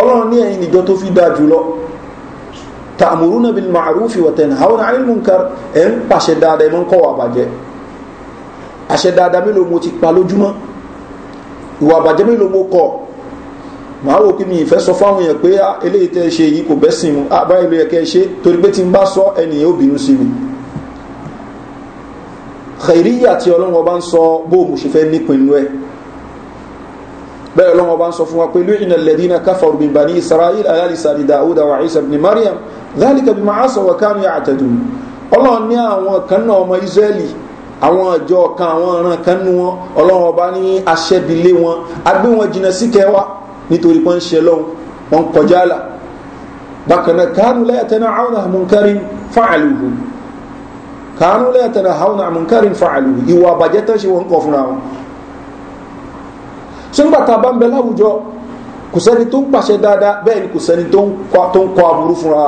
ọlọ́run ní ẹ̀yìn ìjọ tó fi dáa jùlọ ta'amuruna bil ma'arufi wa tanhauna 'anil munkar ẹ̀ pàṣẹ dáadáa ẹ̀ mọ́ kọ́ wà bàjẹ́ àṣẹ dáadáa mélòó mo ti pa lójúmọ́ ìwà àbàjẹ́ mélòó mo kọ̀ màá rò pé mi ìfẹ́ sọ fáwọn èèyàn pé ah, eléyìí tẹ́ ṣe yìí kò bẹ́sìn mu àbáyé ah, ló yẹ kẹ́ ṣe torí pé tí n bá sọ ẹnìyàn ó sí mi xèríyà tí ọlọ́run ọba ń sọ bóòmù ṣe fẹ́ nípinnu ẹ bẹ́ẹ̀ ọlọ́run ọba ń sọ fún wa pé lóyìn alẹ́dínà káfàrú bíi bani israel alalisani dawuda wa isa bin mariam dhalika bí màá sọ wa kánú yà àtẹ̀dùn ọlọ́run ní àwọn kan náà ọmọ israeli àwọn ọjọ́ kan àwọn ọ̀ràn kan nu wọn ọlọ́run ọba ní aṣẹ́bilé wọn agbé wọn jìnnà sí kẹwa nítorí pé ń ṣe lọ́hùn wọn kọjá àlà bákan náà kánú lẹ́yàtẹ̀ náà àwọn àmúkárin fáàlùhùn kánú lẹ́yàtẹ̀ náà àwọn àmúkárin fáàlùhùn ìwà àbàjẹ́ tó ṣe wọn kọ fúnra wọn sọ́nbàtà bá ń bẹ láwùjọ kò sẹ́ni tó ń pàṣẹ dáadáa bẹ́ẹ̀ ni kò sẹ́ni tó ń kọ aburú fúnra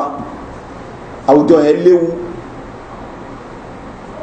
àwùjọ yẹn léwu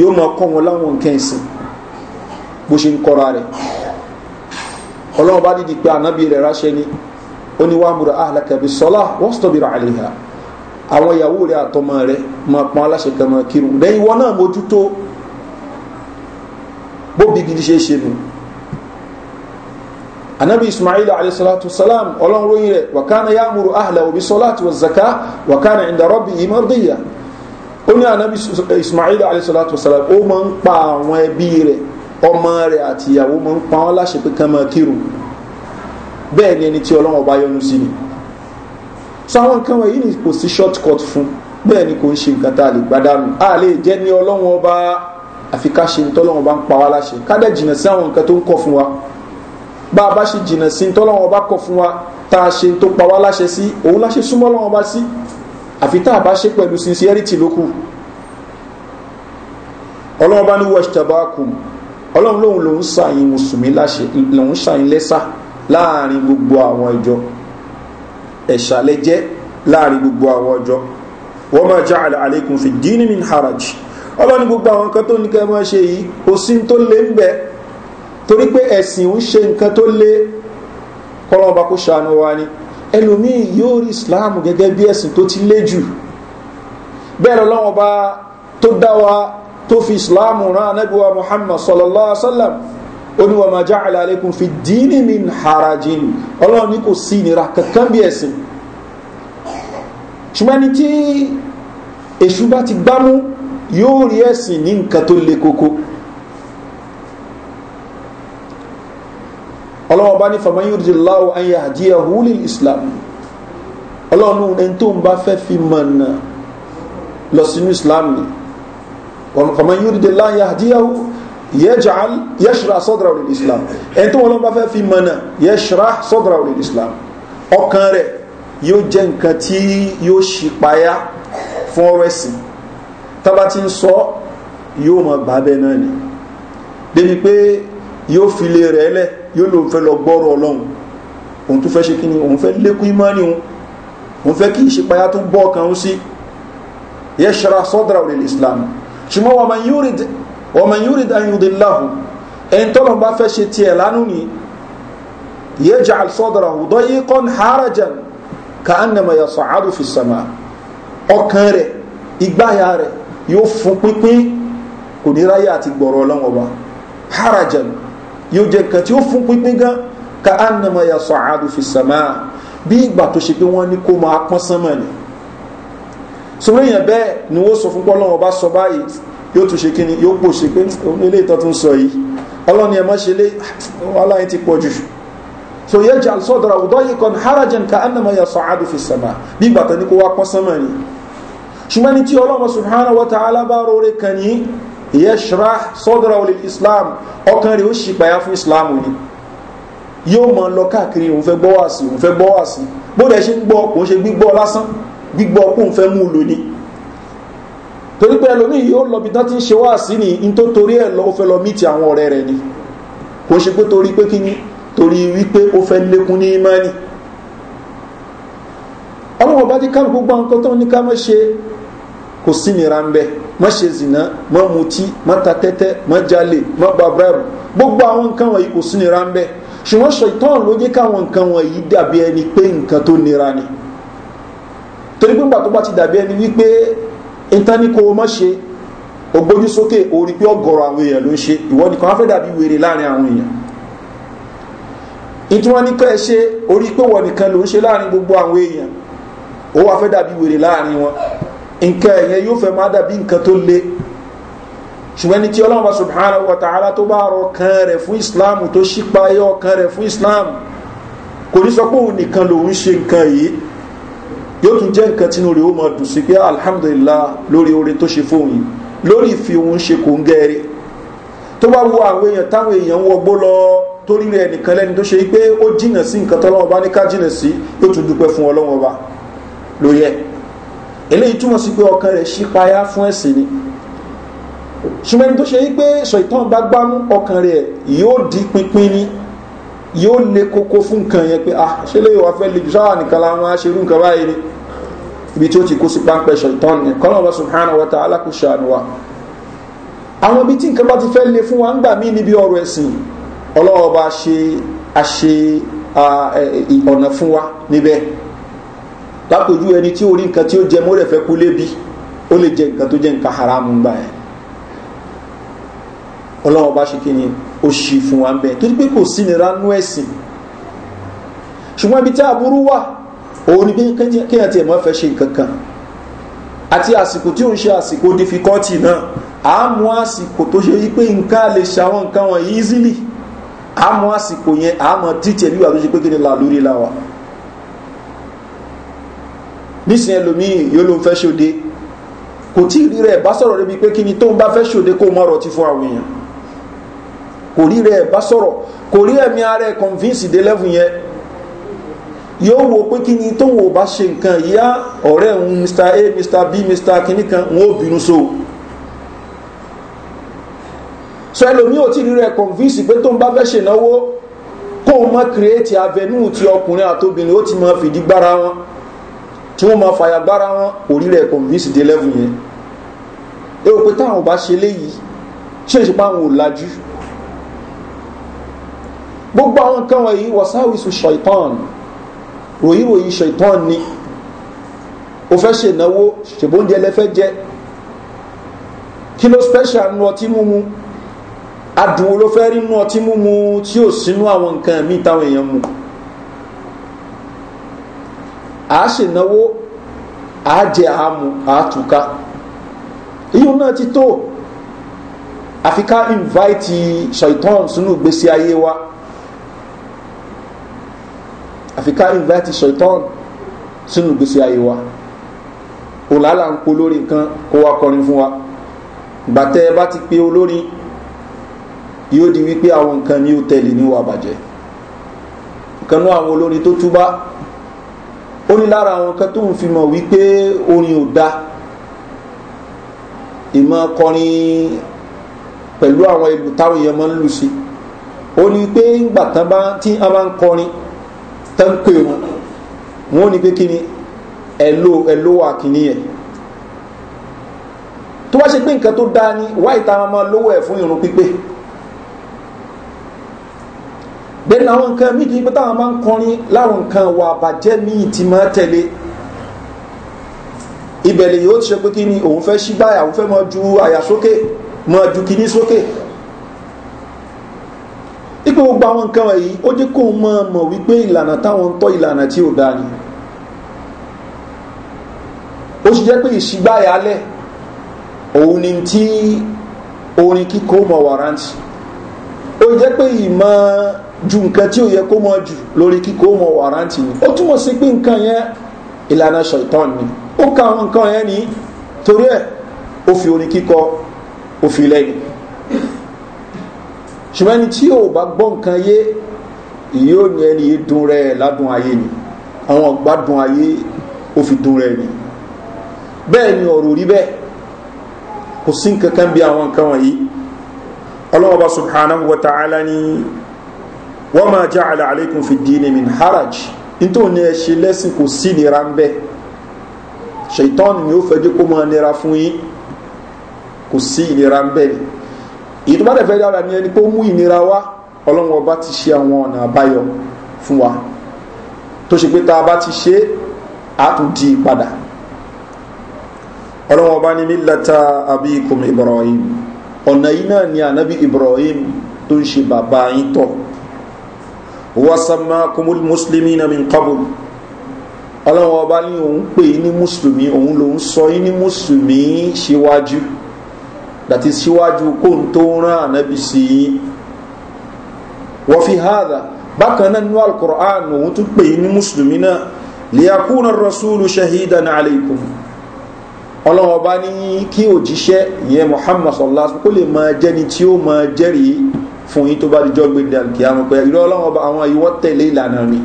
yóò máa kọ́ wọn láwọn nǹkan ẹ̀sìn bó ṣe ń kọ́ra rẹ̀ ọlọ́run bá dìdí pé ànábì rẹ̀ ráṣẹ́ ni ó ní wàá múra ahlakabi sọlá wọ́n sọ bìrọ̀ àlehà àwọn ìyàwó rẹ̀ àtọmọ rẹ̀ máa pọn aláṣẹ kan máa kírun lẹ́yìn wọn náà mójútó bó bí gidi ṣe ṣe nù anabi ismail alayhisalatu salam ọlọ́run ròyìn rẹ̀ wàkánà yàmúru ahlà òbí sọlá àti wàzàká wàkánà ìdàrọ́bì ìmọ̀rọ̀dìyà ó ní anabi ismail alayhisalatu wasalam ó máa ń pa àwọn ẹbí rẹ̀ ọmọ rẹ̀ àti ìyàwó máa ń pa wọ́n láṣẹ pé kán máa kírun bẹ́ẹ̀ ni ẹni tí ọlọ́run ọba yọnu sí ni so àwọn nǹkan wọ̀nyí ni kò sí short cut fún bẹ́ẹ̀ ni kò ń ṣe nǹkan tá a lè gbádànù a lè jẹ́ ní ọlọ́run ọba àfi ká ṣe tọ́lọ́wọ́n bá ń pa wá láṣẹ ká dẹ̀ jìnà sí àwọn nǹkan tó ń kọ̀ fún wa bá a bá ṣe jìnà sí tọ́lọ́wọ́n bá kọ̀ fún wa tá a ṣe tó pa wá láṣẹ sí òun láṣẹ súnmọ́ ọlọ́run ọba sí àfi tá a bá ṣe pẹ̀lú sincerity ló kù ọlọ́run bá ní wẹ́ṣtẹ̀bákùn ọlọ́run lòun ló ń sàyìn mùsùlùmí lòun sàyìn lẹ́sà láàrin gbogbo àwọn ìjọ ẹ̀ṣàlẹ̀ jẹ́ láàrin gbogbo àwọn ìjọ wọ́n máa já àlékún fi díínì min haraj ọlọ́run gbogbo àwọn nǹkan tó ní kẹ́ máa ṣe yìí kò sí tó lé ń bẹ torí pé ẹ̀sìn ń ṣe nǹkan tó lé kọ́lọ́run kó ṣàánú wa ni ẹlòmíì yóò rí islam gẹ́gẹ́ bí ẹ̀sìn tó ti lé jù bẹ́ẹ̀ lọ́wọ́n bá tó dá wa tó fi islam rán anábíwá muhammad sallallahu alaihi wasallam oníwà máa já àlàlékún fi dínì mi harajin ọlọ́run ní kò sí ìnira kankan bí ẹ̀sìn ṣùgbọ́n ní tí èṣù bá ti gbámú yóò rí ẹ̀sìn ní nǹkan tó le koko ọlọ́wọ́ bá ní faman yuridillahu an yahdiyahu lil islam ọlọ́run ẹni tó ń bá fẹ́ fi mọ̀nà lọ sínú islam ni faman yuridillahu an yahdiyahu yaj'al yashra sadrahu lil islam ẹni tó wọ́n bá fẹ́ fi mọ̀nà yashra sadrahu lil islam ọkàn rẹ̀ yóò jẹ́ nǹkan tí yóò ṣípayá fún ọrọ̀ ẹ̀sìn tábà ti ń sọ yóò mọ̀ bàbẹ́ náà ni débi pé yóò fi lè rẹ̀ lẹ̀ yóò lòun fẹ́ lọ gbọ́rọ̀ ọlọ́run òun tó fẹ́ ṣe kí ni òun fẹ́ lékún ìmọ́ni òun òun fẹ́ kí ìṣípayá tó bọ́ ọkàn òun sí yẹ ṣara sọ́dra òlè islam ṣùgbọ́n wọ́n mọ̀ yúrì dáyúndé láhùn ẹni tọ́lọ̀ bá fẹ́ ṣe tiẹ̀ lánú ni yẹ jà sọ́dra òdọ́ yìí kọ́n harajan ka annama ya sọ̀cádù fi sàmà ọkàn rẹ̀ igbáya rẹ̀ yóò fún pínpín kò ní ráyà àti gbọ̀rọ̀ ọlọ́wọ́ wa harajan yóò jẹ́ nǹkan tí ó fún pínpín gan ka anamọ ya sọ àádùn fi sàmà bí ìgbà tó ṣe pé wọ́n ní kó máa pọ́n sánmọ̀ ni sórí èèyàn bẹ́ẹ̀ ni wọ́n sọ fún pọ́lọ́wọ́n bá sọ báyìí yóò tún ṣe kí ni yóò pò ṣe pé ilé ìtọ́ tún sọ yìí ọlọ́ni ẹ̀ má ṣe lé wàhálà yìí ti pọ̀ jù so yẹ jẹ àlùsọdọrọ àwùdọ yìí kan harajan ka anamọ ya sọ àádùn fi sàmà bí ìgbà tó ní kó wá pọ́n sánmọ̀ ni ṣùgbọ́n ní tí ọlọ́wọ́ subhanahu wa ta'ala bá rọrẹ kan yìí yẹ́ṣra sọ́dọ̀rọ̀ olè islam ọkàn rẹ̀ ó ṣì payá fún islam ni yóò mọ̀ lọ káàkiri òun fẹ́ gbọ́wà sí òun fẹ́ gbọ́wà sí bóde ṣe ń gbọ́ kò ń ṣe gbígbọ́ lásán gbígbọ́ kó ń fẹ́ mú lò ní torí pé ẹlòmíì yóò lọ bí tán ti ń ṣe wá sí ni n tó torí ẹ̀ lọ ó fẹ́ lọ mítì àwọn ọ̀rẹ́ rẹ̀ ni kò ṣe pé torí pé kíni torí wípé ó fẹ́ lékún ní imani ọlọ́wọ́ bá ti kálukú gbọ́ nǹkan tó ní ká mọ́ ṣe kò sí nira ń bẹ mọ́ ṣe zìnà mọ́ mutí mọ́ ta tẹ́tẹ́ mọ́ jalè mọ́ babraru gbogbo àwọn nǹkan wọ̀nyí kò sí nira ń bẹ ṣùgbọ́n ṣètọ́n ló jẹ́ káwọn nǹkan wọ̀nyí dàbí ẹni pé nǹkan tó nira ni torí pé ńgbà tó bá ti dàbí ẹni wípé ìtàn ni kò mọ́ ṣe ògbójú sókè orí pé ọgọ̀rọ̀ àwọn èèyàn ló ń ṣe ìwọ nìkan á fẹ́ dàbí wèrè láàrin àwọn èèyàn ìtúwọ́n ní kọ́ ẹ ṣe orí pé wọ̀ ló ń ṣe láàrin gbogbo àwọn èèyàn ó wà fẹ́ dàbí wèrè láàrin wọn nǹkan ẹ̀yẹn yóò fẹ́ máa dàbí nǹkan tó le ṣùgbọ́n ní tí ọlọ́run bá subhanahu wa ta'ala tó bá rọ kan rẹ̀ fún islam tó ṣípayọ kan rẹ̀ fún islam kò ní sọ pé òun nìkan lòun ṣe nǹkan yìí yóò tún jẹ́ nǹkan tínú rẹ̀ ó mọ̀ dùn sí pé alhamdulillah lórí orin tó ṣe fóun yìí lórí ìfi òun ṣe kò ń gẹ́rẹ́ tó bá wo àwọn èèyàn táwọn èèyàn ń wọgbó lọ torí rẹ̀ nìkan lẹ́ni tó ṣe pé ó jìnà sí nǹkan tọ́lọ́wọ́ bá ní ká jìnà sí yóò tún dúpẹ́ fún ọlọ́wọ́ bá lórí eléyìí túmọ̀ sí pé ọkàn rẹ̀ ṣí payá fún ẹ̀sìn ni ṣùgbọ́n ẹni tó ṣe wípé ṣọ̀ìtàn bá gbámú ọkàn rẹ̀ yóò di pinpin ni yóò le koko fún nǹkan yẹn pé ah ṣé léyìn wàá fẹ́ le jù sáwà nìkan láwọn aṣerú nǹkan báyìí ni ibi tí ó ti kó sí páńpẹ́ ṣọ̀ìtàn ni kọ́nà wa subhanahu wa ta'ala kò ṣàánú wa àwọn ibi tí nǹkan bá ti fẹ́ le fún wa ń gbà mí níbi ọ̀rọ̀ ẹ̀sìn ọlọ́wọ́ bá ṣe ọ̀nà fún wa níbẹ̀ lápòjú ẹni tí orí nǹkan tí ó jẹ mọ́ rẹ̀ fẹ́ kú lébi ó lè jẹ nǹkan tó jẹ nǹkan haramu gbà ẹ̀ ọlọ́wọ́n bá ṣe kí ni ó ṣì fún wa ń bẹ̀ torí pé kò sí nira nú ẹ̀sìn ṣùgbọ́n ibi tí aburú wà òun ni bí kéèyàn tiẹ̀ mọ́ fẹ́ ṣe nǹkan kan àti àsìkò tí òun ṣe àsìkò difficulty náà a mú àsìkò tó ṣe wípé nǹkan lè ṣàwọn nǹkan wọ̀nyí easily a mú àsìkò yẹn a mọ̀ títẹ̀ bí wà ló ṣe pé kí ni làlórí láwa nísìnyẹ lòmíì yóò ló ń fẹ́ ṣòde kò tí ì rí rẹ̀ bá sọ̀rọ̀ débi pé kí ni tó ń bá fẹ́ ṣòde kó mọ̀rọ̀ ti fún àwọn èèyàn kò rí rẹ̀ bá sọ̀rọ̀ kò rí ẹ̀mí ara ẹ̀ convince dé level yẹn yóò wo pé kí ni tó ń wò bá ṣe nǹkan ìyá ọ̀rẹ́ òun mr a mr b mr kìíní kan wọn ò bínú so so ẹlòmíì ò tí ì rí rẹ̀ convince pé tó ń bá fẹ́ ṣènáwó kó o mọ̀ create avenue ti ọkùnrin àtobìnrin ó ti mọ̀ fìdí gbára wọn tí wọ́n máa fàyà gbára wọn orí rẹ̀ convince dé level yẹn èrò pé táwọn ò bá ṣe léyìí ṣe é ṣe pé àwọn ò lajú gbogbo àwọn nǹkan wọ̀nyí wàsáwìsù ṣaitan ròyìnròyìn ṣaitan ni o fẹ́ ṣe ìnáwó ṣèbóúnjẹ lẹ́fẹ́ jẹ kí special nu ọtí múmu adùn wo ló fẹ́ rí nu ọtí múmu tí ò sínú àwọn nǹkan míì táwọn èèyàn mu a ṣe náwó a jẹ àmù àtúká iyùn náà ti tó àfi ká invite shaitan sínú gbèsè ayé wa àfi ká invite shaitan sínú gbèsè ayé wa òlàlà ń po lórí nǹkan kó wa kọrin fún wa gbàtẹ́ bá ti pé olórin yóò di wípé àwọn nǹkan ní ó tẹ̀lé ní wà nǹkan náà àwọn olórin tó túbá ó ní lára àwọn kan tó ń fi mọ̀ wípé orin ò da ìmọ̀ kọrin pẹ̀lú àwọn ìlú táwọn èèyàn máa ń lù sí ó ní pé ńgbà tán bá tí a máa ń kọrin tán ń pè wọn wọn ò ní pé kí ni ẹ̀lò ẹ̀lò wà kì níyẹn tó bá ṣe pé nǹkan tó dáa ni wáìta máa lówó ẹ̀ fún ìrún pípé pẹ̀lú àwọn nǹkan míì tí pẹ́tà wọn máa ń kọrin láwọn nǹkan wà bàjẹ́ míì ti máa tẹ̀lé ibẹ̀lẹ̀ yóò ti ṣe pé kí ni òun fẹ́ ṣí báyà òun fẹ́ mọ ju àyà sókè mọ ju kíní sókè ipò gbogbo àwọn nǹkan wọ̀nyí ó jẹ́ kó mọ̀ mọ̀ wípé ìlànà táwọn ń tọ́ ìlànà tí ò dá ni ó sì jẹ́ pé ìṣígbáyálẹ̀ òun ni tí orin kíkó mọ̀ wàrántì ó jẹ́ pé ìmọ̀ ju nǹkan tí ó yẹ kó mọ jù lórí kíkó mọ wàrántì ni ó túmọ̀ sí pé nǹkan yẹn ìlànà ṣọ̀tàn ni ó ka àwọn nǹkan yẹn ni torí ẹ̀ ó fi orin kíkọ ó fi lẹ́yìn ṣùgbọ́n ẹni tí yóò bá gbọ́ nǹkan yé yóò ní ẹni yé dun rẹ̀ ládùn ayé ni àwọn ọ̀gbádùn ayé ó fi dun rẹ̀ ni bẹ́ẹ̀ ni ọ̀rọ̀ rí bẹ́ẹ̀ kò sí nǹkan bí àwọn nǹkan wọ̀nyí ọlọ́wọ́ bá subhanahu wa ta'ala ni wọ́n máa já àlà àlékún fi dín ní min haraj nítorí ní ẹ ṣe lẹ́sìn kò sí nira ń bẹ́ ṣètọ́n ni ó fẹ́ jẹ́ kó máa nira fún yín kò sí ìnira ń bẹ́ ni èyí tó dára ní ẹni pé ó mú ìnira wá ọlọ́run ọba ti ṣe àwọn ọ̀nà àbáyọ fún wa tó ṣe pé tá bá ti ṣe á tún di padà ọlọ́run ọba ní mílẹ̀ta àbí ikùn ibrahim ọ̀nà yìí náà ni ànábì ibrahim tó ń ṣe bàbá yín tọ̀ wasamakumul muslimi na min kabul ọlọ́wọ́ ọba ní òun pè yí ní mùsùlùmí òun lòun sọ yí ní mùsùlùmí síwájú dàti síwájú kó n tó rán ànábì sí yí wọ́n fi hádà bákan náà nínú alukur'an òun tún pè yí ní mùsùlùmí náà liyakuna rasulu shahida na aleikum ọlọ́wọ́ ọba ní kí òjíṣẹ́ yẹn muhammad sallallahu alaihi wa sallam kó lè máa jẹ́ni tí ó máa jẹ́rìí fún yín tó bá dijọ́ gbèdé àlùkìyà mọ̀ pé ìrọ̀ ọlọ́run ọba àwọn ìwọ́ tẹ̀lé ìlànà mi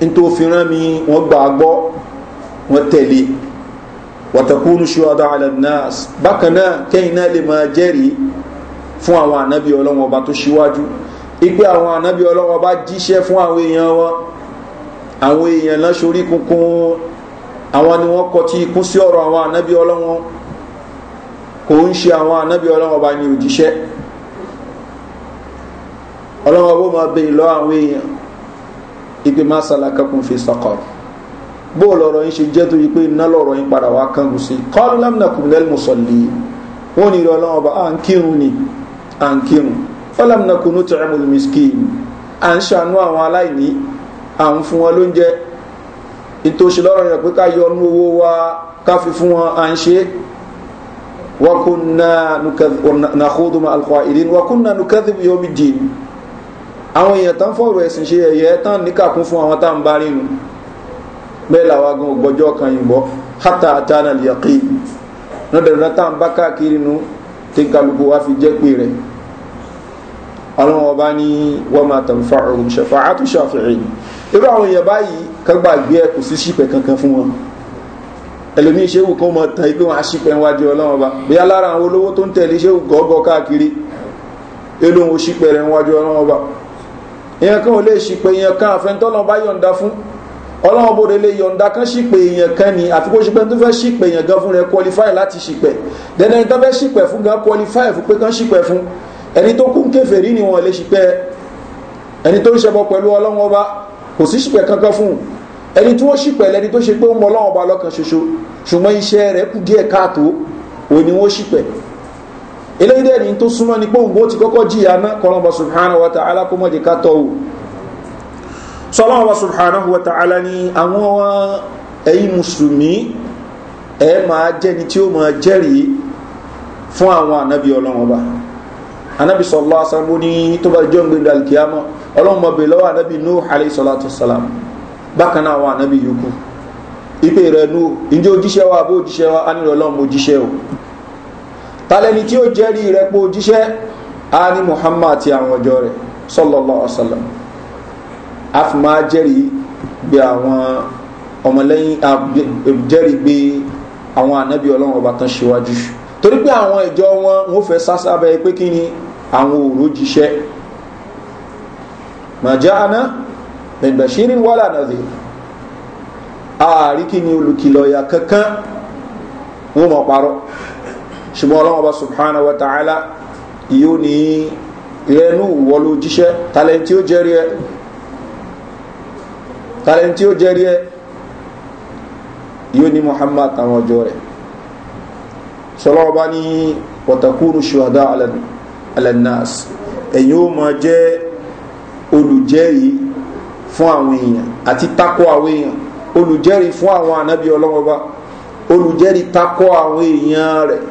nítorí fi rán mi wọ́n gbà á gbọ́ wọ́n tẹ̀lé wàtàkùnú ṣùwádà alanas bákan náà kẹ́yìn náà lè máa jẹ́rìí fún àwọn ànábì ọlọ́run ọba tó ṣíwájú ipe àwọn ànábì ọlọ́run ọba jíṣẹ́ fún àwọn èèyàn wọn àwọn èèyàn náà kunkun àwọn ni wọ́n kọtí ikú sí ọ̀rọ̀ àwọn ànábì ọlọ́run kò ń ṣe àwọn ànábì ọlọ́run ọba ní òjíṣẹ́ ọlọ́wọ́ bó máa bèrè lọ́wọ́ àwọn èèyàn ìpè má sàlákàkùn fi sọ̀kọ̀ bó lọ́rọ̀ yín ṣe jẹ́ tó yí pé iná lọ́rọ̀ yín padà wá kángu sí kọ́lù lámìnàkùn lẹ́lmù sọ̀lì wọ́n ní ìrọ̀ ọlọ́wọ́ bá à ń kírun ni à ń kírun fọlámìnàkùn ó tẹ̀rẹ̀ mọ̀lùmí skin à ń ṣàánú àwọn aláìní à ń fún wọn lóúnjẹ ìtòṣì lọ́rọ̀ yẹn pé ká yọ ọnú owó wa ká fi fún wọn à ń ṣe wọ́n kún náà àwọn èèyàn tán fọ̀rọ̀ ẹ̀sìn ṣe ẹ̀yẹ tán níkàkún fún àwọn tán bá rínu bẹ́ẹ̀ làwọn agan ògbọ́jọ́ kan yìnbọn hátà àtànà lèkì lọ́dẹ̀rẹ̀ tán bá káàkiri nu tí kálukú wá fi jẹ́ pé rẹ̀ ọlọ́run ọba ní wọ́n máa tàn fa ọ̀rùn ṣẹ̀fà àtúnṣàfihàn irú àwọn èèyàn báyìí kágbàgbé ẹ̀ kò sí ṣípẹ̀ kankan fún wọn ẹlòmí ìṣẹ́wù kan mọ̀ tàn ìpé wọn aṣípẹ̀ èèyàn kan ò lè ṣìpè èèyàn kan àfẹntọ́lọ́ bá yọ̀ǹda fún ọlọ́wọ́ bó lè yọ̀ǹda kan ṣìpè èèyàn kan ni àfi kó ṣìpẹ́ tó fẹ́ ṣìpè èèyàn gan fún rẹ̀ qualify láti ṣìpẹ́ dẹ́nà ẹni tó fẹ́ ṣìpẹ́ fún gan qualify fún pé kan ṣìpẹ́ fún ẹni tó kún kèfèrí ni wọ́n lè ṣìpẹ́ ẹni tó ń ṣẹbọ pẹ̀lú ọlọ́wọ́ bá kò sí ṣìpẹ́ kankan fún ẹni tí wọ́n ṣìpẹ́ lẹni tó ṣe pé ó mọ ọlọ́wọ́ bá lọ́kan ṣoṣo ṣùgbọ́n iṣẹ́ rẹ̀ kù díẹ̀ káàtó òní wọ́n ṣìpẹ́ eléyìí dẹ̀ ní tó súnmọ́ ní pòǹgbò ti kọ́kọ́ jìyà náà kọlọ́mbà subhanahu wa ta'ala kó mọ́jì ká tọ́wò sọlọ́mbà subhanahu wa ta'ala ni àwọn ẹ̀yìn musulmi ẹ̀ máa jẹ́ni tí ó máa jẹ́rìí fún àwọn ànábì ọlọ́mọba anabi sọlọ asanbo ní tó bá jọ́ ń tàlẹ́ni tí ó jẹ́rí rẹ̀ pé òjíṣẹ́ a ní muhammad àti àwọn ọjọ́ rẹ̀ sọ́lọ́lọ́ ọ̀sọ́lọ́ a fi máa jẹ́rí bí àwọn ọmọlẹ́yìn jẹ́rí bí àwọn ànábì ọlọ́run ọba tán ṣíwájú torí pé àwọn ìjọ wọn wọ́n fẹ́ sásábẹ́ pé kí ni àwọn òòró jíṣẹ́ màjáàná bẹ̀bẹ̀ṣírí wọ́là nàdì ààrí kí ni olùkìlọ̀ kankan wọ́n mọ̀ parọ́ ṣùgbọ́n ọlọ́wọ́n bá subhanahu wa ta'ala yóò ní ìrẹnu wọlú jíṣẹ́ tàlẹ́ntí ó jẹ́rí ẹ tàlẹ́ntí ó jẹ́rí ẹ yóò ní muhammad àwọn ọjọ́ rẹ̀ sọlọ́wọ́ bá ní pọ̀tàkùrù ṣùhàdá alanas ẹ̀yìn ó mọ jẹ́ olùjẹ́rìí fún àwọn èèyàn àti takọ àwọn èèyàn olùjẹ́rìí fún àwọn ànábì ọlọ́wọ́ bá takọ àwọn èèyàn rẹ̀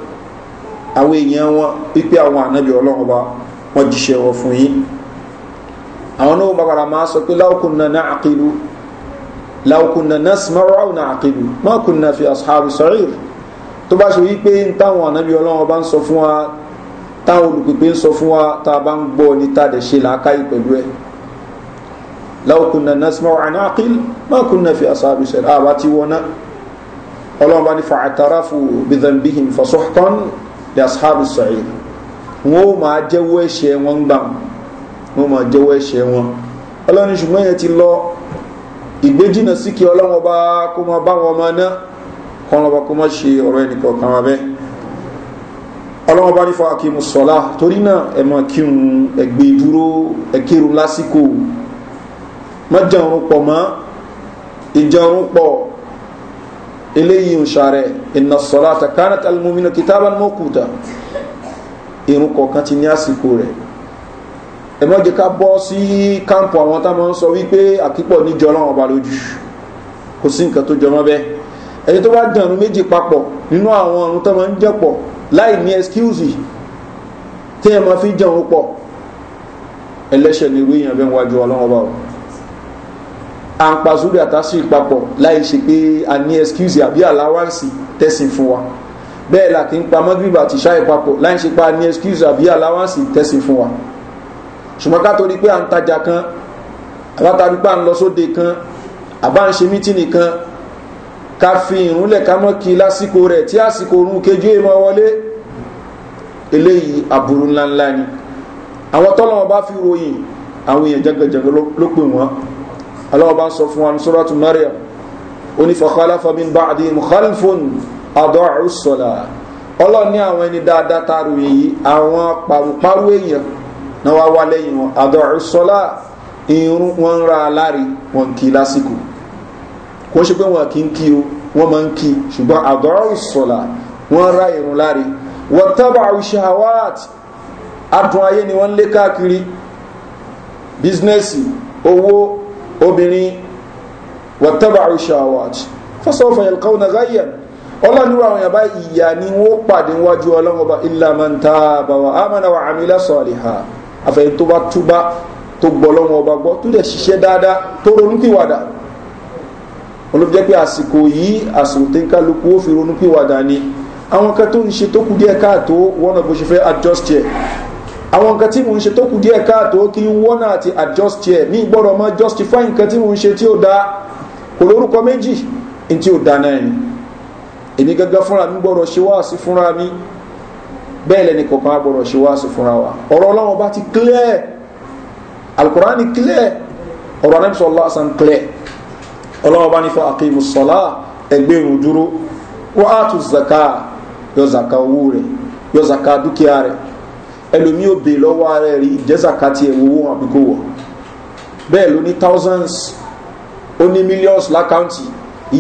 àwọn èèyàn wọn pípé àwọn ànábì ọlọ́run ọba wọn jíṣẹ́ wọn fún yín àwọn náà bá padà máa sọ pé láwùkún náà náà àkìlú láwùkún náà náà sì máa ráwùn náà àkìlú má kún náà fi àṣàbù sọ́rìr tó bá ṣe wípé táwọn ànábì ọlọ́run ọba ń sọ fún wa táwọn olùpèpè ń sọ fún wa tá a bá ń gbọ́ ní tá ṣe làákàyè pẹ̀lú ẹ̀ law kunna nasma'u an aqil ma kunna fi ashabi sir abati wona olon ba ni fa atarafu bi dhanbihim fa suhqan the ashab sa'id wọn ó máa jẹ́wọ́ ẹ̀ṣẹ̀ wọn gbà wọn máa jẹ́wọ́ ẹ̀ṣẹ̀ wọn ọlọ́run ṣùgbọ́n yẹn ti lọ ìgbéjìnà sí kí ọlọ́run ọba kó máa bá wọn máa ná kọ́ńtà ọba kó máa ṣe ọ̀rọ̀ ẹnìkan kan wá bẹ́ẹ̀ ọlọ́run ọba ní fún akíyemu sọ́lá torí náà ẹ máa kírun ẹgbẹ́ ìdúró e ẹkírun lásìkò mọ́jà òun pọ̀ mọ́ ìjà òun pọ̀ eléyìí ń ṣàrẹ̀ iná sọ́lá àtàkánà tàlmùmínà kìtàbà mọ́kúta irun kọ̀ọ̀kan ti ní àsìkò rẹ̀ ẹ mọ́ jẹ́ ká bọ́ sí káàmpù àwọn tá máa ń sọ wípé àkípọ̀ níjọ ọlọ́run ọba lójú kò sí nǹkan tó jọmọ́ bẹ́ẹ̀ ẹni tó bá dànù méjì papọ̀ nínú àwọn ọ̀run tó máa ń jẹ́pọ̀ láì ní ẹ́skíùsì tí ẹ máa fi jẹun pọ̀ ẹlẹ́ṣẹ̀ ni irú èèyàn bẹ́ẹ̀ wájú ọlọ́run ọba à ń pa zuri àtàṣù ìpapọ̀ láì ṣe pé a ní excuse àbí allowance tẹ̀sìn fún wa bẹ́ẹ̀ là kí ń pa mọ́gìrìbà àti ṣáà ìpapọ̀ láì ṣe pé a ní excuse àbí allowance tẹ̀sìn fún wa ṣùgbọ́n ká torí pé à ń tajà kan àbátàbí pé à ń lọ sóde kan àbá ń ṣe mítìnì kan ká fi ìrúnlẹ̀ ká mọ́ kí lásìkò rẹ̀ tí àsìkò orun kejú èèmọ̀ wọlé eléyìí àbúrú ńláńlá ni àwọn tọ́lọ́wọ́n bá fi ròyìn àwọn èèyàn jẹgẹjẹgẹ ló pè wọ́n aláwọ̀ bá ń sọ fún wa ní sọ́rọ́tù mariam ó ní fọ̀kọ́láfà mi bá àdí mùkálífòn àdọ́rù sọ̀là ọlọ́ọ̀ ní àwọn ẹni dáadáa taru yìí àwọn pàrùpárù èèyàn náà wá wá lẹ́yìn wọn àdọ́rù sọ̀là irun wọn ń ra aláre wọn kì í lásìkò kò ṣe pé wọn kì í kí o wọn máa ń kí ṣùgbọ́n àdọ́rù sọ̀là wọn ra irun láre wọ́n tábà ṣahawat adùn obìnrin wàtẹ́bà ṣàwàt fọ́sọ́fọ́ yẹ̀lkọ́ na gáyẹ̀ ọlọ́nirú àwọn yàbá ìyà ni wọ́n pàdé wájú ọlọ́wọ́ba ìlàmọ́ntà bàwà amana wa amílá sọ̀rì ha àfẹ́yìn tó bá túbá tó gbọ́lọ́wọ́ba gbọ́ tó dẹ̀ ṣiṣẹ́ dáadáa tó ronúkìwàdà olùjẹ́ pé àsìkò yìí àsìkò tí àwọn nǹkan tí mo ń ṣe tó kù díẹ̀ káàtó kí n wọ́nà àti adjust yẹ ní gbọ́dọ̀ mọ́ justify nǹkan tí mo ń ṣe tí ó da kò lórúkọ méjì ní tí ó da náà ni èmi gẹ́gẹ́ fúnra mi gbọ́dọ̀ ṣe wá sí fúnra mi bẹ́ẹ̀ lẹ́ni kọ̀ọ̀kan gbọ́dọ̀ ṣe wá sí fúnra wa ọ̀rọ̀ ọlọ́run bá ti clear alukurani clear ọ̀rọ̀ anẹ́bísọ̀ lásán clear ọlọ́run bá ní fún akéwì sọ́lá ẹgbẹ́ zaka yọ zaka owó rẹ̀ ẹlòmí ò bè lọ́wọ́ ara ẹ̀rí ìjẹ́sàká ti ẹ̀wọ̀ owó wọn ní thousands ó ní millions lákàntì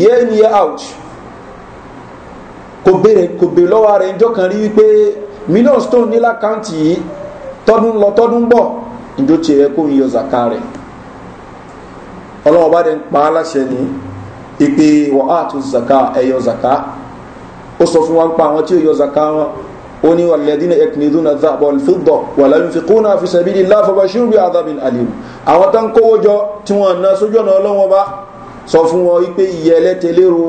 year in year out kò bèrè kò bè lọ́wọ́ kan rí wípé millions tó ní lákàntì yìí tọdún lọ tọdún bọ̀ kó ń yọ rẹ̀ ọlọ́wọ́ bá dẹ̀ ń pa á láṣẹ ní ìpè wọ́n fún wa ń pa àwọn ó ní wàlẹ́dínà ẹkùnìdúnà zàbọ̀ fúdọ̀ wà láyúnfikúnà fi sàbílì láfọba ṣúrù àdábìn alìm àwọn tán kówó jọ tí wọ́n ná sójú ọ̀nà ọlọ́wọ́ bá sọ fún wọn wípé ìyẹ ẹlẹ́tẹ̀ lérò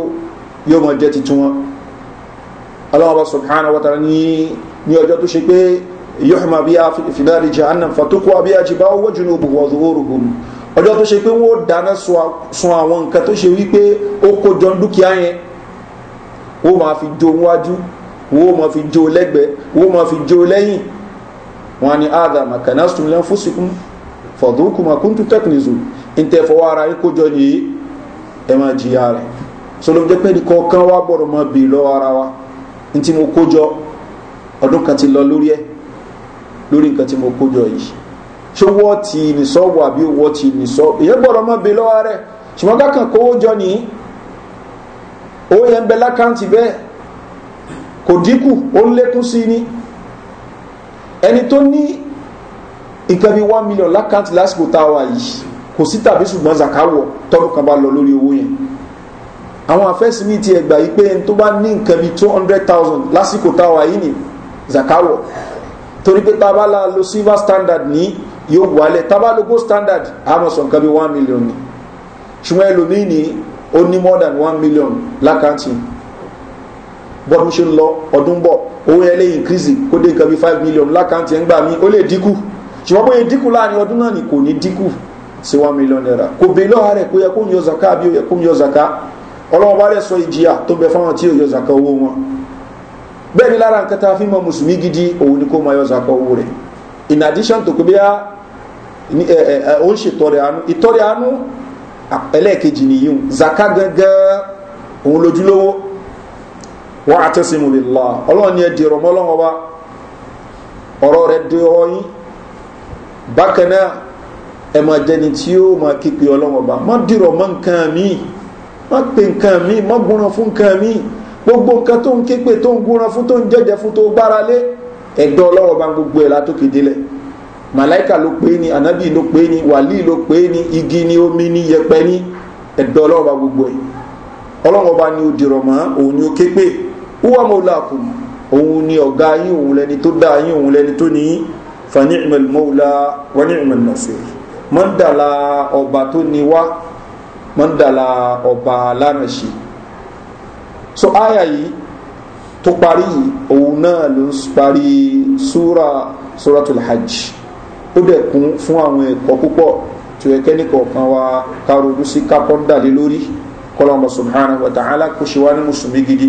yóò mọ̀ jẹ́ ti tún wọn ọlọ́wọ́ bá subhana wata ní ọjọ́ tó ṣe pé yóò bí a fìdáàlì jẹ́ annam fatukú àbí àjìbá owó jùlọ òbúkọ ọdún ọjọ́ tó ṣe pé wọ́n dáná sun àwọn nǹkan tó ṣe wípé ó kójọ dúkìá yẹn ó máa fi jó wájú wo ma fi jó lẹ́gbẹ̀ẹ́ wo ma fi jó lẹ́yìn wọn ni ada makana sunlẹ̀ fúsikún fọ̀dúnkù ma kúntù tẹ́kìnìzù ń tẹ́ fọwọ́ ara yín kójọ yìí ẹ máa jìyà rẹ̀ sọlọ́m jẹ́ pé nìkan kan wá bọ̀rọ̀ mọ́ bì lọ́wọ́ ara wa ní tí mo kójọ ọdún kan ti lọ lórí ẹ lórí nǹkan tí mo kójọ yìí ṣé wọ́n ti nìsọ́ wà bí wọ́n ti nìsọ́ ìyẹn bọ̀rọ̀ mọ́ bì lọ́wọ́ rẹ̀ ṣùgbọ́n kákan kówó jọ nìyí owó yẹn ń bẹ lákàntì bẹ́ẹ̀ kò dínkù ó ń lékún sí ní ẹni tó ní nǹkan bíi one million lákàntì lásìkò tá a wà yìí kò sí tàbí ṣùgbọ́n zakawọ̀ tọ́dún kan bá lọ lórí owó yẹn àwọn afẹ́sí mi ti ẹgbà yìí pé ẹni tó bá ní nǹkan bíi two hundred thousand lásìkò tá a wà yìí ní zakawọ̀ torí pé tá la lo silver standard ní yóò wálẹ̀ tá a lo gold standard àmọ̀ sọ nǹkan bíi one million ni ṣùgbọ́n ẹlòmíì ní ó ní more than one million lákàntì bọ́dún ṣe ń lọ ọdún bọ̀ owó ẹlẹ́ increase kó dé nǹkan bí five million lákàntì ẹ̀ ń gbà mí ó lè dínkù ṣùgbọ́n bóyá dínkù láàrin ọdún náà ni kò ní dínkù sí one million naira kò bè lọ́ha rẹ̀ kó yẹ kó ń yọ zaka àbí ó yẹ kó ń yọ zaka ọlọ́wọ́ bá rẹ̀ sọ ìjìyà tó bẹ fáwọn tí yọ zaka owó wọn bẹ́ẹ̀ ni lára nǹkan tá a fi mọ mùsùlùmí gidi òun ni kó máa yọ zaka owó rẹ̀ in addition to kòbíyá ó ń ṣètọrẹ àánú ìtọrẹ àánú ẹlẹ́ẹ̀kejì nìyí zaka gangan òun lójúlówó wọ́n àtẹ́sìmù lèlá ọlọ́run ni ẹ̀dì ọ̀rọ̀ mọ́lọ́wọ́ bá ọ̀rọ̀ rẹ̀ dé ọwọ́ yín bákan náà ẹ̀ máa jẹni tí ó ọlọ́wọ́ bá má dìrọ̀ mi má nǹkan mi má fún nǹkan mi gbogbo nǹkan tó ń kípe tó ń gbóná fún tó ń jẹ́jẹ́ fún tó gbára lé ẹ̀dọ́ ọlọ́wọ́ bá gbogbo omi ni yẹpẹ ni ẹ̀dọ́ ọlọ́wọ́ wúwà mọ́láàkù òun ni ọ̀gá yín òun lẹni tó dá yín òun lẹni tó ní fani ìmọ̀lì mọ́lá wọ́n ní ìmọ̀lì nàṣẹ́ mọ́ndàlá ọba tó ní wá mọ́ndàlá ọba lánàṣe so aya yìí tó parí òun náà ló ń parí súra suratul hajj ó dẹ̀ fún àwọn ẹ̀kọ́ púpọ̀ tí ó yẹ kẹ́nìkọ̀ kan wá karodú sí kápọ́ndà lé lórí kọ́lọ́mọ̀ subhanahu wa kó ṣe wá ní mùsùlùmí gidi